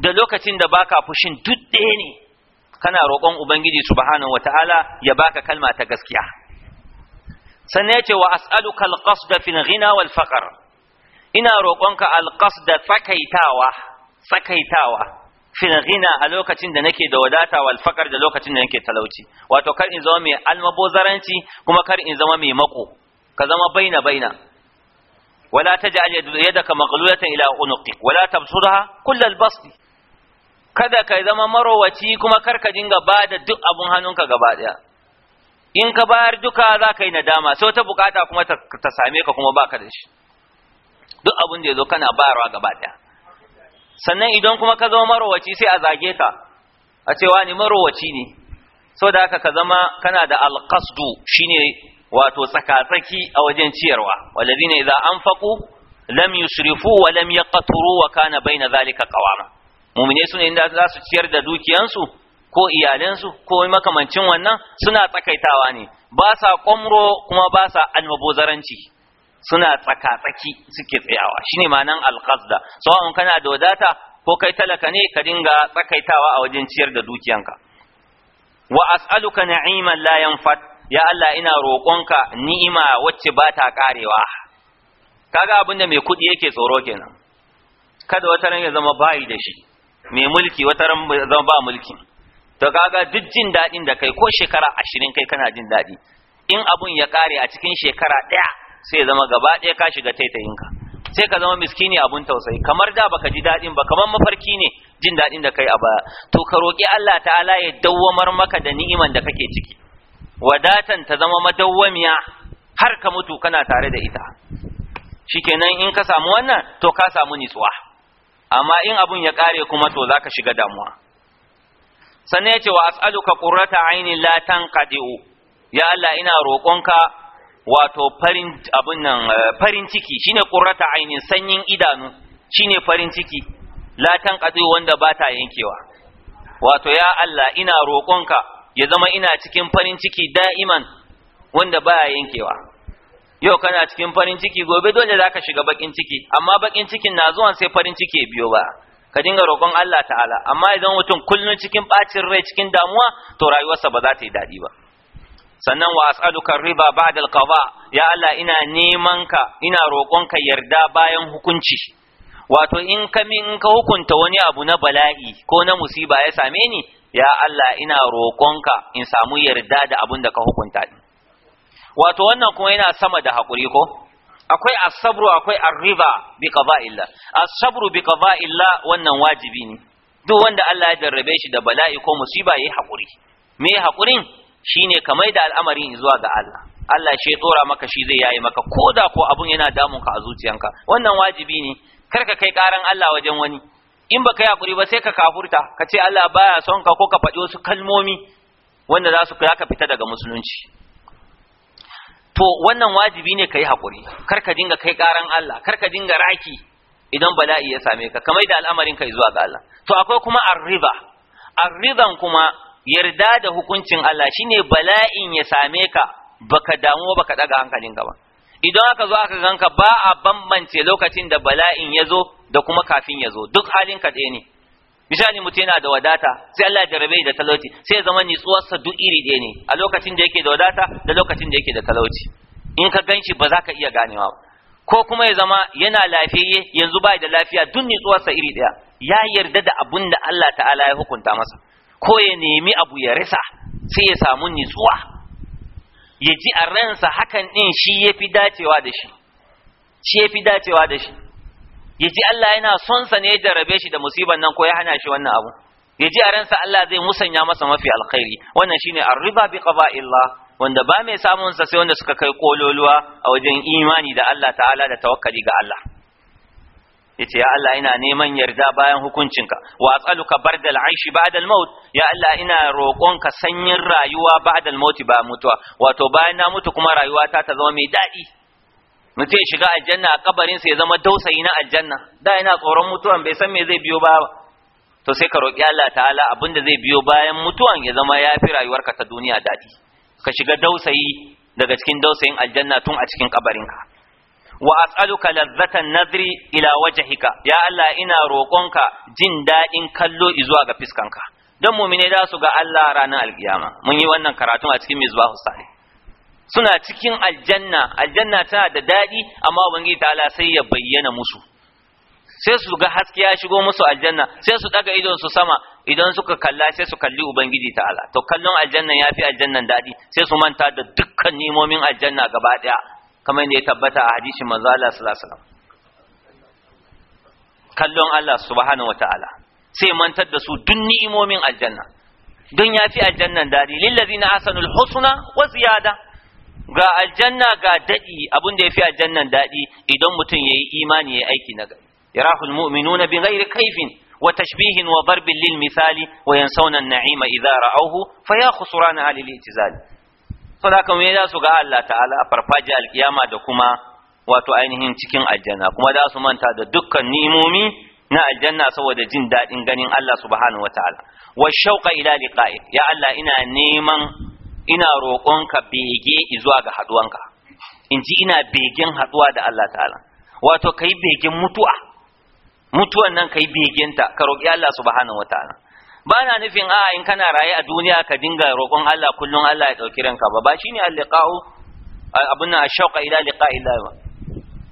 da lokacin da baka fushin duk ɗaya ne kana roƙon ubangiji subhanahu wataala ya baka kalma ta gaskiya sannan ya ce wa as'aluka alqasda fil ghina wal faqr ina roƙonka alqasda tsakaitawa tsakaitawa fil ghina a lokacin da nake da wadata wal faqr da lokacin da nake talauci wato kar in zama mai almabozaranci kuma kar in zama mai mako ka zama baina baina wala taj'al yadaka maghlulatan ila unuqik wala tabsurha kull al kada ka zama marowaci kuma kar ka dinga bada duk abun hannunka gaba daya in ka bayar duka za ka yi nadama sai wata bukata kuma ta same ka kuma baka da shi duk abin da ya zo kana bayarwa gaba ɗaya sannan idan kuma ka zama marowaci sai a zage ka a cewa ni marowaci ne Sau da haka ka zama kana da alkasdu shine wato tsakatsaki a wajen ciyarwa za an anfaqu lam yusrifu wa lam yaqturu wa kana baina zalika qawama mu'mine ne inda za su ciyar da dukiyansu ko iyalansu ko makamancin wannan suna tsakaitawa ne ba sa ƙwamro kuma ba sa almabozaranci suna tsakatsaki suke tsayawa shine ma'anan alƙasda sawa'un kana da wadata ko kai talaka ne ka dinga tsakaitawa a wajen ciyar da dukiyanka wa as'aluka na'iman la yanfat ya Allah ina roƙonka ni'ima wacce ba ta karewa kaga abinda mai kuɗi yake tsoro kenan kada wata ran ya zama bayi da shi mai mulki wata ran zama ba mulkin to kaga duk jin daɗin da kai ko shekara ashirin kai kana jin daɗi in abun ya ƙare a cikin shekara ɗaya sai zama gaba ɗaya ka shiga taitayinka sai ka zama miskini abun tausayi kamar da baka ji daɗin ba kamar mafarki ne jin daɗin da kai a baya to ka roƙi Allah ta'ala ya dawwamar maka da ni'iman da kake ciki wadatan ta zama madawwamiya har ka mutu kana tare da ita shikenan in ka samu wannan to ka samu nitsuwa amma in abun ya ƙare kuma to zaka shiga damuwa sannan ya ce wa as'aluka qurrata aini la tanqadi'u ya Allah ina roƙonka wato farin abun nan eh, farin ciki shine qurrata aini sanyin idanu shine farin ciki la tanqadi'u wanda ba ta yankewa wato ya Allah ina roƙonka ya zama ina cikin farin ciki da'iman wanda ba ya yankewa yau kana cikin farin ciki gobe dole zaka shiga bakin ciki amma bakin cikin na zuwan sai farin ciki biyo ba ka dinga roƙon Allah ta'ala amma idan mutum kullun cikin bacin rai cikin damuwa to rayuwarsa ba za ta yi daɗi ba sannan wa as'aluka riba ba'da alqada ya Allah ina neman ka ina roƙon ka yarda bayan hukunci wato in ka min ka hukunta wani abu na bala'i ko na musiba ya same ni ya Allah ina ka in samu yarda da abin da ka hukunta ni wato wannan kuma yana sama da hakuri ko akwai asabru akwai arriba bi qada'illah asabru bi qada'illah wannan wajibi ne duk wanda Allah ya jarrabe shi da bala'i ko musiba yayi hakuri me hakurin shine kamar da al'amarin zuwa ga Allah Allah shi ya tsora maka shi zai yayi maka koda ko abun yana damun ka a zuciyanka wannan wajibi ne kar ka kai karan Allah wajen wani in baka yi hakuri ba sai ka kafurta ka ce Allah baya son ka ko ka faɗi wasu kalmomi wanda za su ka fita daga musulunci to wannan wajibi ne ka yi hakuri kar ka dinga kai karan Allah kar ka dinga raki idan bala'i ya same ka kamar da al'amarin kai zuwa ga Allah to akwai kuma arriba arriban kuma yarda da hukuncin Allah shine bala'in ya same ka baka damu baka daga hankalin ka ba idan aka zo aka ganka ba a bambance lokacin da bala'in ya zo da kuma kafin ya zo duk halin ka ɗaya ne misali mutum yana da wadata sai Allah ya jarabe da talauci sai ya zama nitsuwarsa duk iri ɗaya ne a lokacin da yake da wadata da lokacin da yake da talauci in ka ganshi ba za ka iya ganewa ba ko kuma ya zama yana lafiyayye yanzu ba da lafiya duk nitsuwarsa iri ɗaya ya yarda da abun da Allah ta'ala ya hukunta masa ko ya nemi abu ya risa sai ya samu nitsuwa ya ji a ransa hakan ɗin shi ya fi dacewa da shi shi ya fi dacewa da shi ya ji Allah yana son sa ne ya rabe shi da musibar nan ko ya hana shi wannan abu ya ji a ransa Allah zai musanya masa mafi alkhairi wannan shine arriba bi qada'illah wanda ba mai samun sa sai wanda suka kai kololuwa a wajen imani da Allah ta'ala da tawakkali ga Allah yace ya Allah ina neman yarda bayan hukuncinka wa as'aluka bardal aishi ba'dal maut ya Allah ina roƙonka sanyin rayuwa ba'dal mauti ba mutuwa wato bayan na mutu kuma rayuwa ta ta zama mai daɗi mutum ya shiga aljanna a kabarinsa ya zama dausayi na aljanna da yana tsoron mutuwan bai san me zai biyo ba to sai ka roƙi Allah ta'ala abin da zai biyo bayan mutuwan ya zama ya fi rayuwarka ta duniya daɗi ka shiga dausayi daga cikin dausayin aljanna tun a cikin kabarinka wa as'aluka ladzatan nadri ila wajhika ya Allah ina roƙonka jin daɗin kallo zuwa ga fiskanka dan mu'mine da su ga Allah ranar alkiyama mun yi wannan karatun a cikin zuwa salih suna cikin aljanna aljanna tana da daɗi amma ubangiji ta'ala sai ya bayyana musu sai su ga haske ya shigo musu aljanna sai su daga idon su sama idan suka kalla sai su kalli ubangiji ta'ala to kallon aljanna ya fi aljannan daɗi sai su manta da dukkan nimomin aljanna gaba ɗaya kamar yadda ya tabbata a hadisin manzo Allah sallallahu alaihi wasallam kallon Allah subhanahu wataala sai mantar da su duk ni'imomin aljanna don ya fi aljannan daɗi lillazina asanul husna wa ziyada ga aljanna ga daɗi abin da ya fi aljannan daɗi idan mutum ya yi imani ya aiki na gari yarahul mu'minuna bi ghairi kaifin wa tashbihin wa darbin lil misali wa yansawna an-na'ima idza ra'awhu fa ya khusrana ahli al-i'tizal saboda kan me za su ga Allah ta'ala a farfaje alkiyama da kuma wato ainihin cikin aljanna kuma za su manta da dukkan ni'imomi na aljanna saboda jin daɗin ganin Allah subhanahu wa ta'ala wa shauqa ila liqa'i ya Allah ina neman ina roƙonka bege zuwa ga haduwanka in ji ina begen haduwa da Allah ta'ala wato kai begen mutuwa mutuwan nan kai begenta ka roƙi Allah subhanahu wataala ba na nufin a in kana raye a duniya ka dinga roƙon Allah kullum Allah ya ɗauki ranka ba ba shine alliqa'u abun nan ashauqa ila liqa'illah ba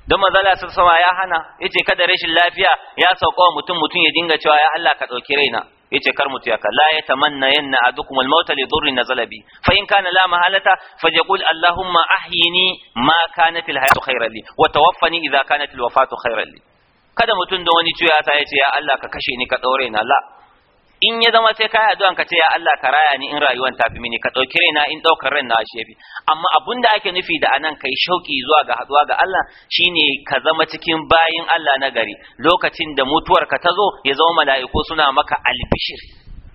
don mazala sun sama ya hana yace kada rashin lafiya ya sauka wa mutum mutum ya dinga cewa ya Allah ka ɗauki raina yace kar mutu yaka la yatamanna yanna adukum al-mauta li dhurrin nazala bi fa in kana la mahalata falyaqul allahumma ahyini ma kanat al-hayatu khayran li wa tawaffani idha kanat al khayran li kada mutun da wani ciwo ya sa yace ya Allah ka kashe ni ka daure ni in ya zama sai kai addu'an ka ce ya Allah ka raya ni in rayuwan ta fi mini ka dauki raina in daukar ran na shebi amma abun da ake nufi da anan kai shauki zuwa ga haduwa ga Allah shine ka zama cikin bayin Allah na gari lokacin da mutuwar ka ta zo ya zama mala'iku suna maka albishir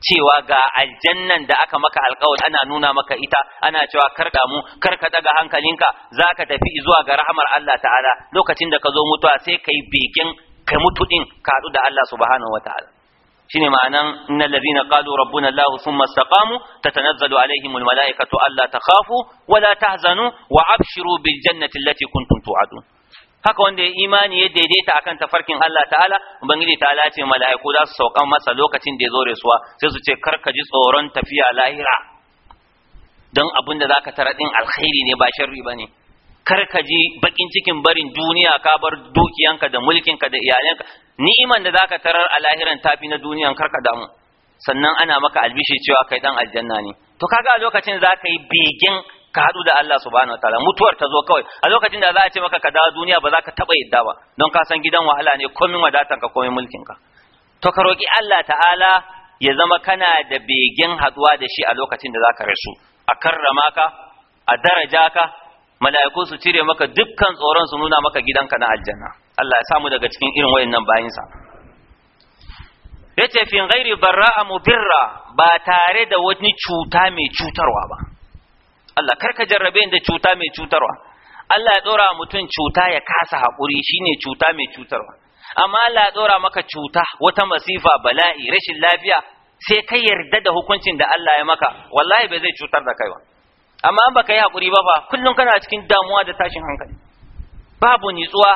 cewa ga aljannan da aka maka alƙawari ana nuna maka ita ana cewa kar damu kar ka daga hankalinka zaka tafi zuwa ga rahmar Allah ta'ala lokacin da ka zo mutuwa sai kai bikin kai mutu din ka da Allah subhanahu wataala shine ma'anan innal ladina qalu rabbuna allah thumma istaqamu tatanazzalu alaihim al malaikatu alla takhafu wa la tahzanu wa abshiru bil jannati allati kuntum tu'adun haka wanda ya imani ya daidaita akan tafarkin Allah ta'ala ubangiji ta'ala ce mala'iku za su sauka masa lokacin da ya zo resuwa sai su ce kar ka ji tsoron tafiya lahira don abin da zaka tara din alkhairi ne ba sharri bane kar ka ji bakin cikin barin duniya ka bar dukiyanka da mulkinka da iyalanka ni'iman da zaka tarar a lahiran tafi na duniya karka ka damu sannan ana maka albishi cewa kai dan aljanna ne to kaga a lokacin zaka yi begen ka haɗu da Allah subhanahu wataala mutuwar ta zo kawai a lokacin da za a ce maka ka dawo duniya ba za ka taba yadda ba don ka san gidan wahala ne komin wadatan ka komin mulkin ka to ka roki Allah ta'ala ya zama kana da begen haɗuwa da shi a lokacin da za ka rasu a karrama ka a daraja ka mala'iku su cire maka dukkan tsoron su nuna maka gidanka na aljanna Allah ya samu daga cikin irin wayannan bayinsa yace fi ghairi mu mubirra ba tare da wani cuta mai cutarwa ba Allah karka jarrabe da cuta mai cutarwa Allah ya dora mutum cuta ya kasa hakuri shine cuta mai cutarwa amma Allah ya dora maka cuta wata masifa bala'i rashin lafiya sai ka yarda da hukuncin da Allah ya maka wallahi bai zai cutar da kai ba amma an baka yi hakuri ba fa kullum kana cikin damuwa da tashin hankali babu nitsuwa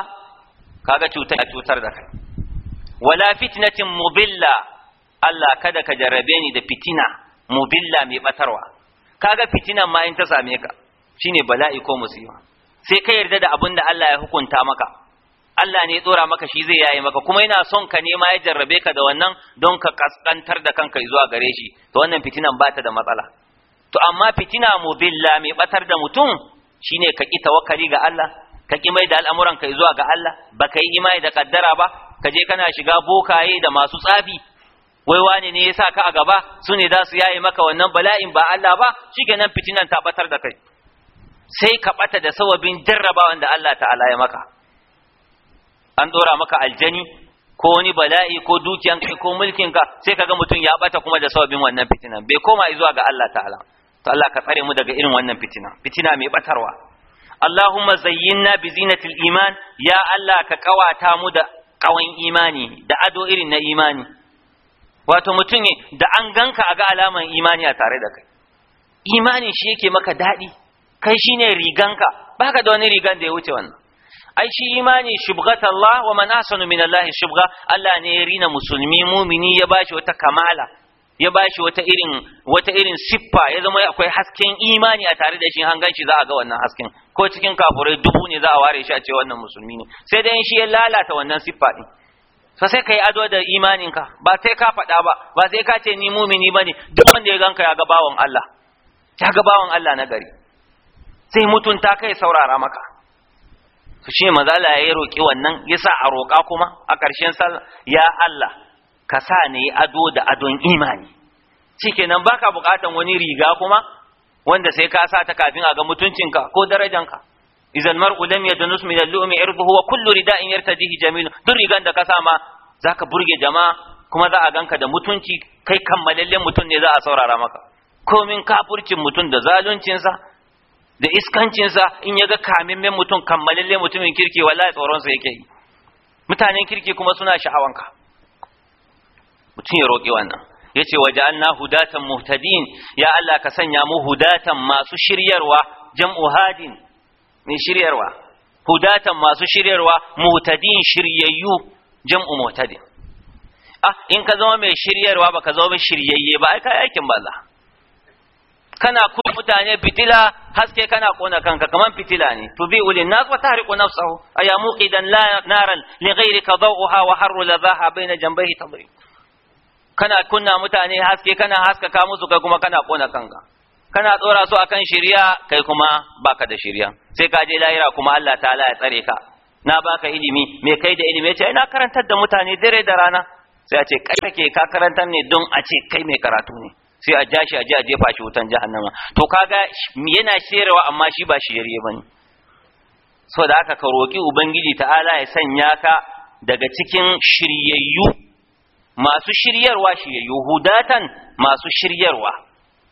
kaga cutar cutar da kai wala fitnatin mubilla Allah kada ka jarrabe ni da fitina mubilla mai batarwa kaga fitinan ma in ta same ka shine bala'i ko musiba sai ka yarda da abin da Allah ya hukunta maka Allah ne ya tsora maka shi zai yaye maka kuma yana son ka nema ya jarrabe ka da wannan don ka kaskantar da kanka zuwa gare shi to wannan fitinan ba ta da matsala to amma fitina mubilla mai batar da mutum shine ka ki tawakkali ga Allah ka ki mai da al'amuran ka zuwa ga Allah ba ka yi imani da kaddara ba ka je kana shiga bokaye da masu tsafi wai wane ne yasa ka a gaba su ne za su yaye maka wannan bala'in ba Allah ba shikenan fitinan ta batar da kai sai ka bata da sawabin jarrabawan da Allah ta'ala ya maka an dora maka aljani ko wani bala'i ko dukiyanka ko mulkinka sai kaga mutum ya bata kuma da sababin wannan fitinan bai koma zuwa ga Allah ta'ala to Allah ka tsare mu daga irin wannan fitina fitina mai batarwa Allahumma zayyinna bi zinatil iman ya Allah ka kawata mu da kawan imani da ado irin na imani wato mutum da an ganka a ga alaman imani a tare da kai imanin shi yake maka daɗi kai shine riganka baka da wani rigan da ya wuce wannan ai shi imani shubghat Allah wa man ahsanu min Allah shubgha Allah ne ya rina musulmi mumini ya bashi wata kamala ya bashi wata irin wata irin siffa ya zama akwai hasken imani a tare da shi an shi za a ga wannan hasken ko cikin kafurai dubu ne za a ware shi a ce wannan musulmi ne sai dai shi ya lalata wannan siffa din so sai kai ado da imaninka ba sai ka faɗa ba ba sai ka ce ni mumini bane duk wanda ya ganka ya ga bawan Allah ya ga bawan Allah na gari sai mutunta kai saurara maka to shi manzo ya roki wannan yasa a roka kuma a ƙarshen sallah ya Allah ka sa ne ado da adon imani ba ka bukatan wani riga kuma wanda sai ka sa ta kafin a ga mutuncinka ko darajanka Izan mar ulam ya danus min al-lu'mi irduhu in kullu rida'in yartadihi jamilun duk rigan da ka sa ma zaka burge jama'a kuma za a ganka da mutunci kai kammalallen mutum ne za a saurara maka komin kafurcin mutum da zaluncinsa da iskancinsa in ya ga kamimmen mutum kammalalle mutumin kirki wallahi tsoronsa yake yi mutanen kirki kuma suna sha'awanka mutun ya roki wannan yace ce wa hudatan muhtadin ya Allah ka sanya mu hudatan masu shiryarwa jam'u hadin ne shiryarwa hudatan masu shiryarwa muhtadin shiryayyu jam'u muhtadin ah in ka zama mai shiryarwa baka zama mai shiryayye ba ai kai aikin banza kana ku mutane fitila haske kana kona kanka kaman fitila ne to bi ulin nas wa tahriqu nafsahu ayamu qidan la naran li ghayrika dawha wa harru la dhaha bayna jambayhi tadrib kana kunna mutane haske kana haskaka musu kai kuma kana kona kanka kana tsora su akan shiriya kai kuma baka da shiriya sai ka je lahira kuma Allah ta'ala ya tsare ka na baka ilimi me kai da ilimi ce ina karantar da mutane dare da rana sai a ce kai kake ka karantar ne don a ce kai mai karatu ne sai a ja shi a je a jefa shi wutan jahannama to kaga yana shirewa amma shi ba shirye bane saboda haka ka roki ubangiji ta'ala ya sanya ka daga cikin shiryayyu masu shiryarwa shiryayyu hudatan masu shiryarwa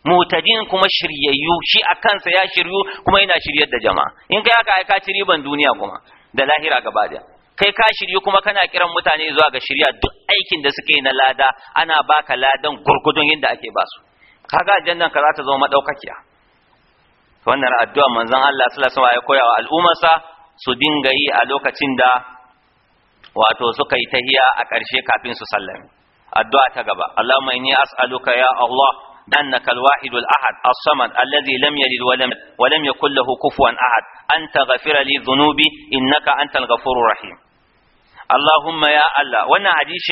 mutadin kuma shiryayyu shi a kansa ya shiryu kuma yana shiryar da jama'a in kai haka ai ka ci riban duniya kuma da lahira gaba ɗaya. kai ka shiryu kuma kana kiran mutane zuwa ga shirya duk aikin da suke na lada ana baka ladan gurgudun yadda ake basu kaga aljannan ka za ta zama madaukakiya wannan addu'a manzon Allah sallallahu alaihi wasallam ya koya wa al'ummarsa su dinga yi a lokacin da wato suka yi tahiya a ƙarshe kafin su sallame addu'a ta gaba Allahumma inni as'aluka ya Allah أنك الواحد الأحد الصمد الذي لم يلد ya ولم يكن له كفوا أحد أنت غفر لي ذنوبي إنك أنت الغفور الرحيم Allahumma ya Allah. Wannan حديث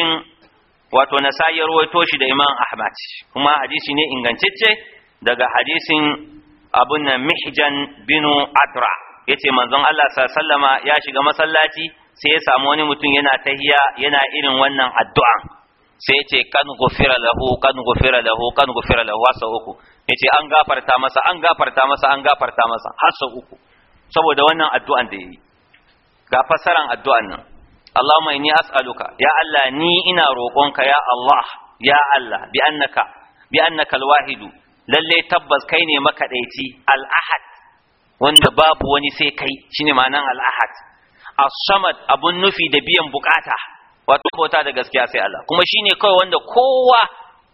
wato na sayar wato shi da imam ahmad kuma hadisi ne ingantacce daga hadisin abu na mihjan binu adra yace manzon Allah sallama ya shiga masallaci sai ya samu wani mutum yana tahiya yana irin wannan addu'a sai ce kan gufira lahu kan gufira lahu kan gufira lahu sau uku ya ce an gafarta masa an gafarta masa an gafarta masa har uku saboda wannan addu'an da ya yi ga fasaran addu'an nan Allahumma inni as'aluka ya Allah ni ina roƙonka ya Allah ya Allah bi annaka bi annaka alwahidu lalle tabbas kai ne makadaici al-ahad wanda babu wani sai kai shine ma'anan al-ahad as-samad abun nufi da biyan bukata wato bauta da gaskiya sai Allah kuma shine kawai wanda kowa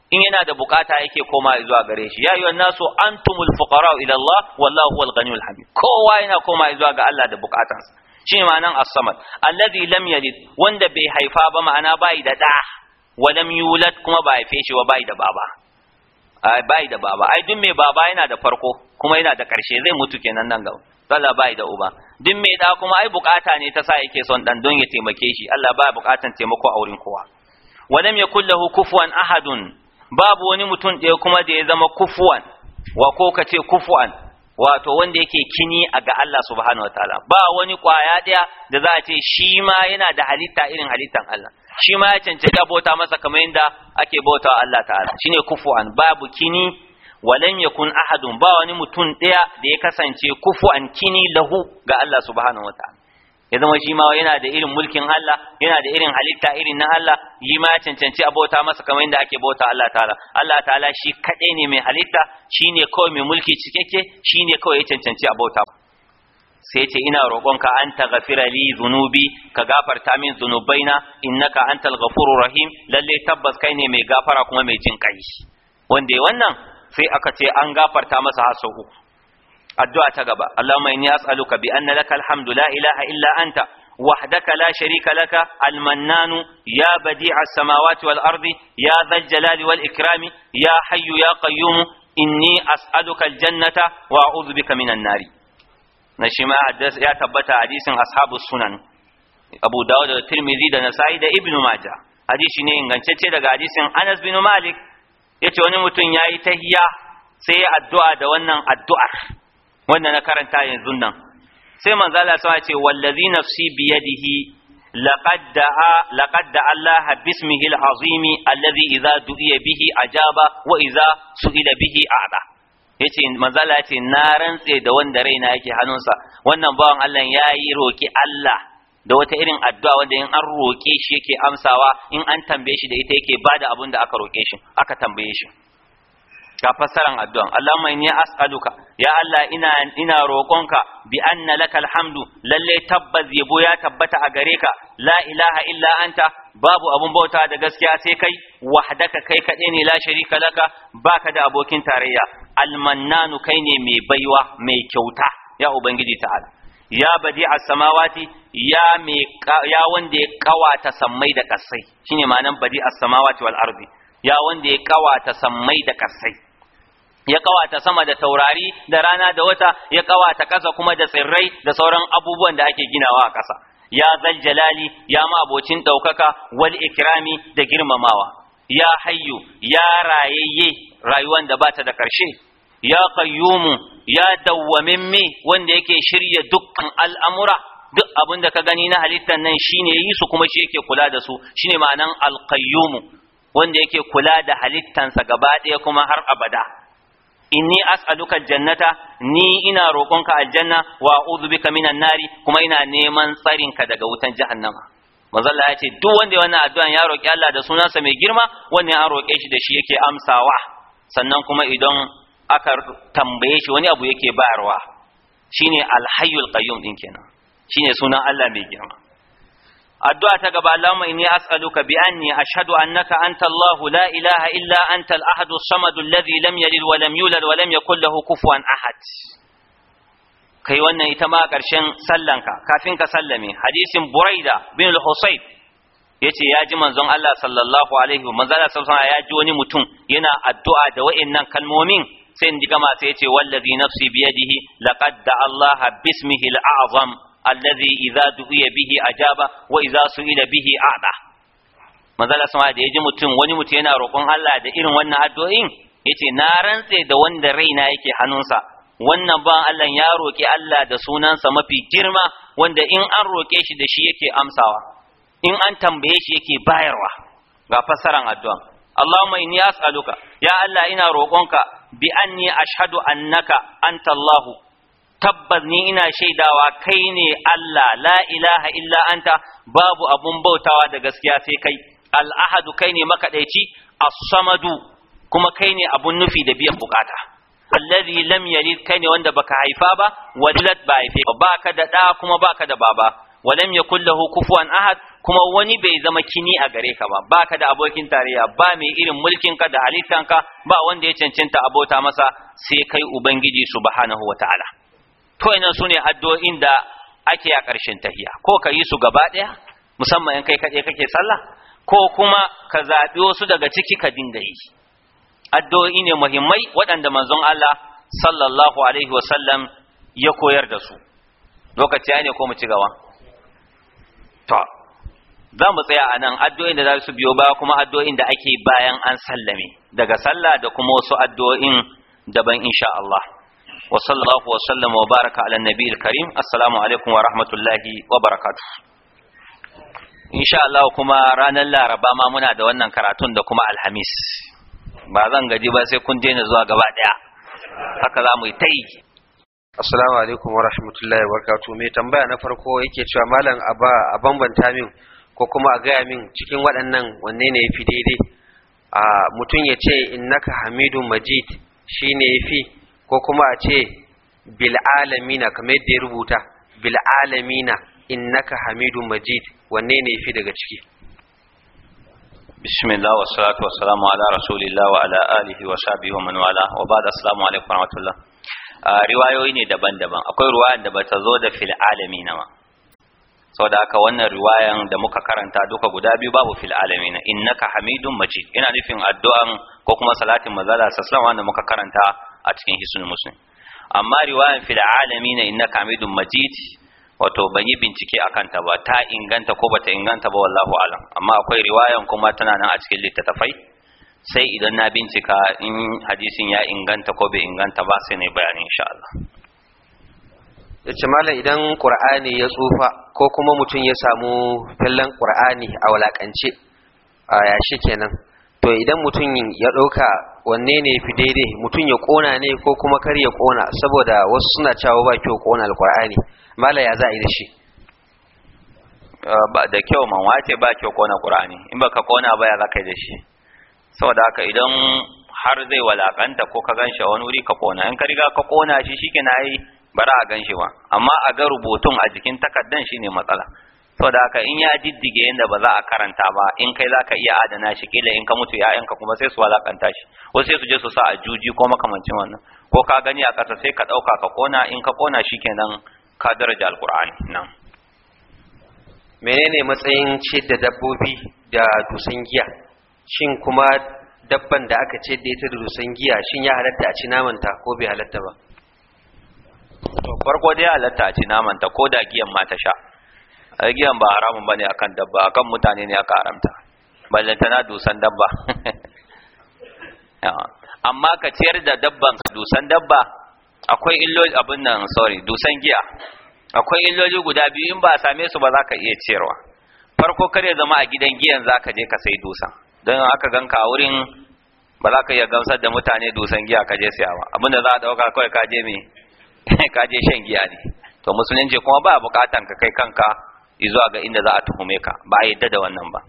in yana da bukata yake koma zuwa gare shi ya ayyuhan nasu antumul fuqara ila Allah wallahu huwal ghaniyul hamid kowa yana koma zuwa ga Allah da bukatansa ne ma'anan as-samad alladhi lam yalid wanda bai haifa ba ma'ana bai da da wa lam yulad kuma ba haife shi ba bai da baba ai bai da baba ai duk mai baba yana da farko kuma yana da karshe zai mutu kenan nan gaba Allah bai da uba din mai da kuma ai bukata ne ta sa yake son dan don ya taimake shi Allah ba bukatan taimako a wurin kowa lam yakul lahu kufuwan ahadun babu wani mutum ɗaya kuma da ya zama kufuwan wa ko kace kufuwan wato wanda yake kini a ga Allah subhanahu wataala ba wani kwaya ɗaya da za a ce shi ma yana da halitta irin halittan Allah shi ma ya cancanci bauta masa kamar yadda ake bautawa Allah ta'ala shine kufuwan babu kini walam yakun ahadun ba wani mutum ɗaya da ya kasance kufu an kini lahu ga Allah subhanahu wataala ya zama shi ma yana da irin mulkin Allah yana da irin halitta irin na Allah yi ma cancanci a bauta masa kamar inda ake bauta Allah ta'ala Allah ta'ala shi kaɗai ne mai halitta shine kawai mai mulki cikakke ne kawai ya cancanci a bauta sai ce ina roƙonka an ta gafira li zunubi ka gafarta min zunubaina innaka antal ghafurur rahim lalle tabbas kai ne mai gafara kuma mai jin kai wanda wannan sai aka ce an gafarta masa har sau uku addu'a ta gaba Allahumma inni as'aluka bi anna laka alhamdu la ilaha illa anta wahdaka la sharika laka almannanu ya badi'a as-samawati wal ardi ya dhal jalali wal ikrami ya hayyu ya qayyum inni as'aluka aljannata wa a'udhu bika minan nari na shi ma ya tabbata hadisin ashabus sunan Abu Dawud da Tirmidhi da Nasa'i da Ibn Majah hadisi ne ingantacce daga hadisin Anas bin Malik yace wani mutum yayi tahiya sai ya addu'a da wannan addu'ar wannan na karanta yanzu nan sai manzo Allah sai ya ce wallazi nafsi biyadihi لقد دعا لقد دعا الله باسمه العظيم الذي اذا دعي به اجاب واذا سئل به اعطى yace manzala yace na rantse da wanda raina yake hannunsa wannan bawan Allah ya yi roki Allah da wata irin addu'a wanda in an roƙe shi yake amsawa in an tambaye shi da ita yake bada abin da aka roƙe shi aka tambaye shi ga fassaran addu'an Allahumma inni as'aluka ya Allah ina ina roƙonka bi anna lakal hamdu lalle tabbas yabo ya tabbata a gare ka la ilaha illa anta babu abun bauta da gaskiya sai kai wahdaka kai kaɗai ne la sharika laka baka da abokin tarayya almannanu kai ne mai baiwa mai kyauta ya ubangiji ta'ala ya badi a samawati ya ya wanda ya kawata sammai da kasai shine ma'anan badi a samawati wal ardi ya wanda ya kawata sammai da kasai ya kawata sama da taurari da rana da wata ya kawata kasa kuma da tsirrai da sauran abubuwan da ake ginawa a kasa ya zal jalali ya ma abocin daukaka wal ikrami da girmamawa ya hayyu ya rayayye rayuwan da bata da karshe ya qayyumu ya dawwamin mi wanda yake shirya dukkan al'amura duk abin da ka gani na halittar nan shine yi su kuma shi yake kula da su shine ma'anan alqayyumu wanda yake kula da halittansa gaba ɗaya kuma har abada inni as'aluka jannata ni ina roƙonka aljanna wa a'udhu bika minan nari kuma ina neman tsarinka daga wutan jahannama manzo Allah ya ce duk wanda ya wannan addu'an ya roƙi Allah da sunansa mai girma wannan ya roƙe shi da shi yake amsawa sannan kuma idan aka tambaye shi wani abu yake bayarwa shine alhayyul qayyum din kenan shine sunan Allah mai girma addu'a ta gaba Allahumma inni as'aluka bi anni ashhadu annaka anta Allah la ilaha illa anta al-ahad as-samad alladhi lam yalid wa lam yulad wa lam yakul lahu kufuwan ahad kai wannan ita ma ƙarshen sallanka kafin ka sallame hadisin Buraida bin al-Husayb yace ya ji manzon Allah sallallahu alaihi wa manzon ya ji wani mutum yana addu'a da wa'annan kalmomin sai in ji gama sai ce wallazi nafsi biyadihi laqad da Allah bismihi al-azam allazi idza du'iya bihi ajaba wa idza su'ila bihi a'da manzala sama da yaji mutum wani mutum yana roƙon Allah da irin wannan addu'o'in yace na rantse da wanda raina yake hannunsa wannan ban Allah ya roƙi Allah da sunansa mafi girma wanda in an roƙe shi da shi yake amsawa in an tambaye shi yake bayarwa ga fassaran addu'a Allahumma inni as'aluka ya Allah ina roƙonka bi anni ashadu annaka antallahu tabbas ni ina shaidawa kai ne Allah la ilaha illa anta babu abun bautawa da gaskiya sai kai al-ahadu kai ne makaɗaici as-samadu kuma kai ne abun nufi da biyan bukata allazi lam yalid kai ne wanda baka haifa ba walat ba haife ba baka da ɗa kuma baka da baba walam yakul lahu kufuwan ahad kuma wani bai zama kini a gare ka ba baka da abokin tarayya ba mai irin mulkin ka da halittan ka ba wanda ya cancanta abota masa sai kai ubangiji subhanahu wataala to ina sune addu'o'in da ake a ƙarshen tahiya ko ka yi su gaba ɗaya musamman in kai kaɗai kake sallah ko kuma ka zaɓi wasu daga ciki ka dinga yi addu'o'i ne muhimmai waɗanda manzon Allah sallallahu alaihi wasallam ya koyar da su lokaci ya ne ko mu ci gaba za mu tsaya a nan addu'o'in da za su biyo baya kuma addu'o'in da ake bayan an sallame daga sallah da kuma wasu addu'o'in daban insha Allah wa sallallahu wa sallama wa baraka ala nabiyil karim assalamu alaikum wa rahmatullahi wa barakatu. insha Allah kuma ranar laraba ma muna da wannan karatun da kuma alhamis ba zan gaji ba sai kun daina zuwa gaba daya haka za mu yi ta yi assalamu alaikum wa rahmatullahi wa barakatu. mai tambaya na farko yake cewa malam a bambanta min ko kuma a gaya min cikin waɗannan wanne ne ya fi daidai a mutum ya ce innaka hamidu majid shi ne ya fi ko kuma a ce bil'alamina kamar yadda ya rubuta bil'alamina innaka hamidu majid wanne ne ya fi daga ciki bismillah wa salatu wa salamu ala rasulillah wa ala alihi wa sahbihi wa man wala wa ba'da assalamu alaikum wa rahmatullah riwayoyi ne daban-daban akwai ruwa da bata zo da fil alamina ma saboda aka wannan riwayan da muka karanta duka guda biyu babu fil alamin innaka hamidun majid ina nufin addu'an ko kuma salatin mazala sallallahu wanda muka karanta a cikin hisnul muslim amma riwayan fil alamin innaka hamidun majid wato ban yi bincike a kanta ba ta inganta ko bata inganta ba wallahu alam amma akwai riwayan kuma tana nan a cikin littattafai sai idan na bincika in hadisin ya inganta ko bai inganta ba sai ne bayani insha Allah ya ce malam idan ƙur'ani ya tsufa ko kuma mutum ya samu fallon ƙur'ani a walaƙance a yashi kenan to idan mutum ya ɗauka wanne ne fi daidai mutum ya ƙona ne ko kuma kar ya ƙona saboda wasu suna cewa ba kyau ƙona alƙur'ani malam ya za a yi da shi da kyau man wace ba kyau ƙona ƙur'ani in ba ka ƙona ba ya za ka yi da shi saboda haka idan har zai walakanta ko ka gan shi a wani wuri ka ƙona in ka riga ka ƙona shi shi ke na yi ba a gan shi ba amma a ga rubutun a jikin takardan shine matsala da haka in ya diddige yadda ba za a karanta ba in kai za ka iya adana shi kila in ka mutu ya'yanka kuma sai su walakanta shi wasu sai su je su sa a juji ko makamancin wannan ko ka gani a ƙasa sai ka ɗauka ka kona in ka kona shi kenan ka daraja alkur'ani nan menene matsayin ce da dabbobi da dusan giya shin kuma dabban da aka ce da ita da dusan giya shin ya halatta a ci namanta ko bai halatta ba to farko dai halatta ce naman ta ko da giyan ma ta sha a giyan ba haramun bane akan dabba akan mutane ne aka haramta balle tana dusan dabba amma ka ciyar da dabban ka dusan dabba akwai illoli abin nan sorry dusan giya akwai illoli guda biyu in ba same su ba za ka iya ciyarwa farko kar ya zama a gidan giyan za ka je ka sai dusan don aka ganka a wurin ba za ka iya gamsar da mutane dusan giya ka je siya ba abin da za a ɗauka kawai ka je mai ka je shan giya ne to musulunci kuma ba bukatan ka kai kanka zuwa ga inda za a tuhume ka ba a yadda da wannan ba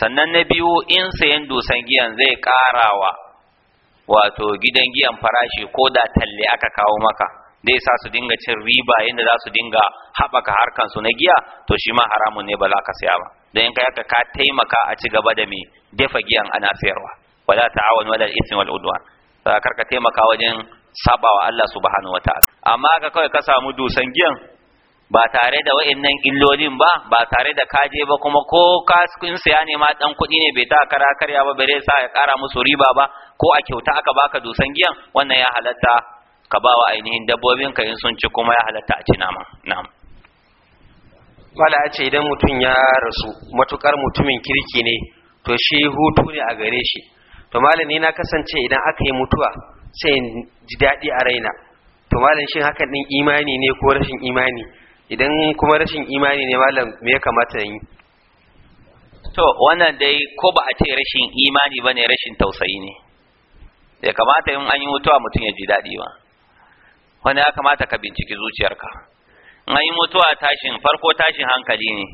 sannan na biyu in sayan dusan giyan zai karawa wato gidan giyan farashi ko da talle aka kawo maka zai sa su dinga cin riba yadda za su dinga haɓaka harkar su na giya to shi ma haramun ne ba za ka saya ba don in kai ka taimaka a ci gaba da mai dafa giyan ana sayarwa wala ta'awun wala ismi wal udwan kar ka taimaka wajen sabawa Allah subhanahu wataala amma ka kawai ka samu dusan giyan ba tare da wa'annan illolin ba ba tare da kaje ba kuma ko ka in ne ma dan kuɗi ne bai ta kara karya ba bare sa ya kara musu riba ba ko a kyauta aka baka dusan giyan wannan ya halatta ka bawa ainihin dabbobin ka in sun ci kuma ya halatta a ci nama na'am mala ce idan mutum ya rasu matukar mutumin kirki ne to shi hutu ne a gare shi to malami na kasance idan aka yi mutuwa sai ji daɗi a raina to malam shin hakan din imani ne ko rashin imani idan kuma rashin imani ne malam me ya kamata yi to wannan dai ko ba a ce rashin imani bane rashin tausayi ne ya kamata in an yi mutuwa mutum ya ji daɗi ba wani ya kamata ka binciki zuciyarka in an yi mutuwa tashin farko tashin hankali ne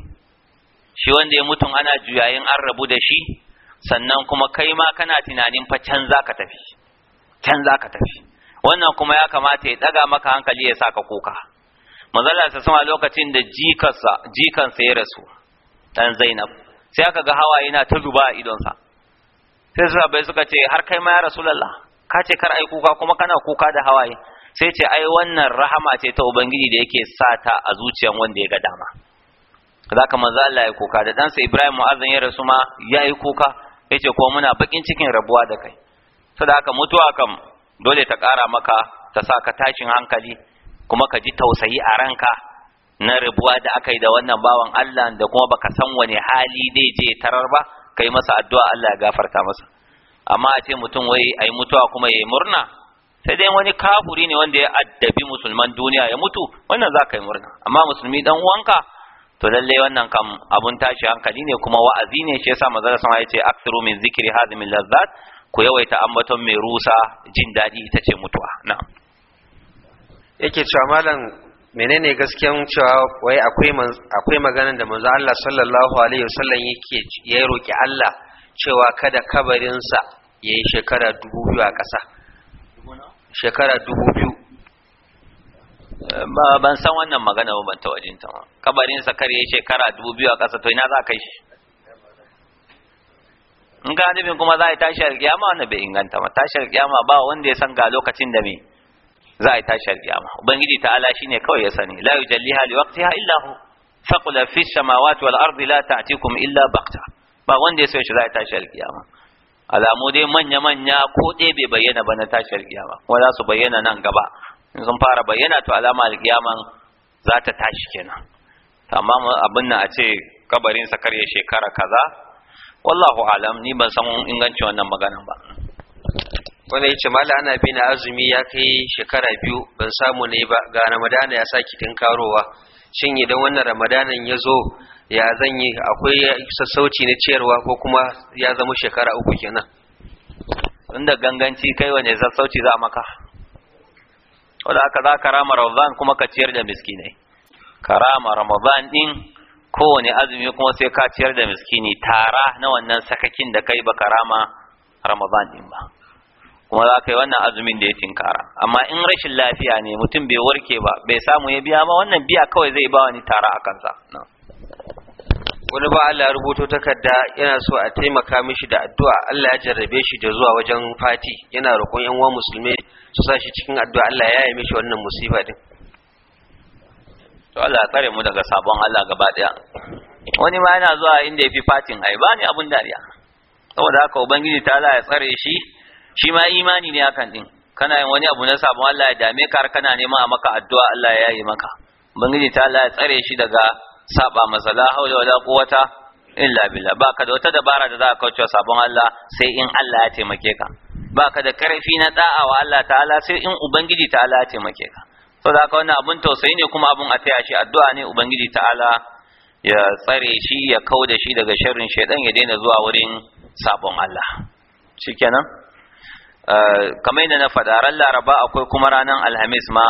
shi wanda ya mutum ana juyayin an rabu da shi sannan kuma kai ma kana tunanin fa can za tafi can za ka tafi wannan kuma ya kamata ya daga maka hankali ya saka kuka manzala ta sama lokacin da jikansa jikansa ya rasu dan Zainab sai aka ga hawa yana ta zuba a idon sa. sai bai suka ce har kai ma ya rasulullah ka ce kar ai kuka kuma kana kuka da hawaye sai ce ai wannan rahama ce ta ubangiji da yake sata a zuciyan wanda ya ga dama zaka manzo Allah ya kuka da dansa Ibrahim mu'azzin ya rasu ma yayi kuka yace ko muna bakin cikin rabuwa da kai saboda haka mutuwa kam dole ta ƙara maka ta sa ka tashin hankali kuma ka ji tausayi a ranka na rabuwa da aka yi da wannan bawan Allah da kuma baka san wani hali dai je tarar ba kai masa addu'a Allah ya gafarta masa amma a ce mutum wai ai mutuwa kuma yayi murna sai dai wani kafuri ne wanda ya addabi musulman duniya ya mutu wannan za ka yi murna amma musulmi dan uwanka to lallai wannan kam abun tashi hankali ne kuma wa'azi ne shi yasa manzon sama ya ce aktsiru min zikri hadhihi lazzat ku yawaita ambaton mai rusa jin daɗi ita ce mutuwa na yake cewa malam menene gaskiyan cewa wai akwai akwai da manzo Allah sallallahu alaihi wasallam yake ya roki Allah cewa kada kabarinsa yayi shekara dubu biyu a ƙasa shekara dubu biyu ban san wannan magana ba ban ta kabarin kabarinsa kar yayi shekara dubu biyu a ƙasa to ina za ka kai shi in ka nufin kuma za a yi tashi alkiyama wanda bai inganta ba tashi alkiyama ba wanda ya san ga lokacin da me za a yi tashi alkiyama ubangiji ala shine kawai ya sani la yujalliha waqtiha illa hu faqula fi samawati wal ardi la ta'tikum illa baqta ba wanda ya so shi za a yi tashi alkiyama alamu dai manya manya ko dai bai bayyana ba na tashi alkiyama kuma za su bayyana nan gaba in sun fara bayyana to alama alkiyama za ta tashi kenan amma abin nan a ce kabarin karya shekara kaza wallahu alam ni ban san ingancin wannan maganan ba wanda yace mala ana bi na azumi ya kai shekara biyu ban samu ne ba ga ramadana ya saki karowa. shin idan wannan ramadanan ya zo ya zan yi akwai sassauci na ciyarwa ko kuma ya zama shekara uku kenan inda ganganci kai wani sassauci za maka wanda aka za ka rama ramadan kuma ka ciyar da miskinai ka rama ramadan din kowane azumi kuma sai ka ciyar da miskini tara na wannan sakakin da kai baka rama ramadan din ba kuma za ka yi wannan azumin da ya tinkara amma in rashin lafiya ne mutum bai warke ba bai samu ya biya ba wannan biya kawai zai ba wani tara a kansa wani ba Allah rubuto takarda yana so a taimaka mishi da addu'a Allah ya jarrabe shi da zuwa wajen fati yana roƙon yan uwan musulmai su sa shi cikin addu'a Allah ya yi mishi wannan musiba din to Allah ya tsare mu daga sabon Allah gaba daya wani ma yana zuwa inda yafi fatin ai bani abun dariya saboda haka ubangiji ta Allah ya tsare shi shi ma imani ne akan din kana yin wani abu na sabon Allah ya dame ka har kana neman a maka addu'a Allah ya yi maka ubangiji ta Allah ya tsare shi daga saba masa la haula wala quwwata illa billah baka da wata dabara da za ka kauce sabon Allah sai in Allah ya taimake ka baka da karfi na da'awa Allah ta'ala sai in ubangiji ta'ala ya taimake ka saboda haka wannan abun tausayi ne kuma abun a taya shi addu'a ne ubangiji ta'ala ya tsare shi ya kauda shi daga sharrin shaidan ya daina zuwa wurin sabon Allah shikenan kamar yadda na faɗa ran laraba akwai kuma ranar alhamis ma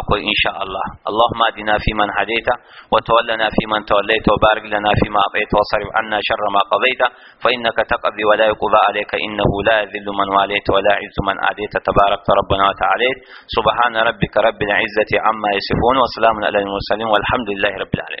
akwai insha Allah Allahumma adina fi man hadaita wa tawallana fi man tawallaita wa barik lana fi ma ataita wa sarif anna sharra ma qadaita fa innaka taqdi wa la yuqda alayka innahu la yadhillu man walaita wa la yu'izzu man adaita tabarakta rabbana wa ta'ala subhana rabbika rabbil izzati amma yasifun wa salamun alal mursalin walhamdulillahi rabbil alamin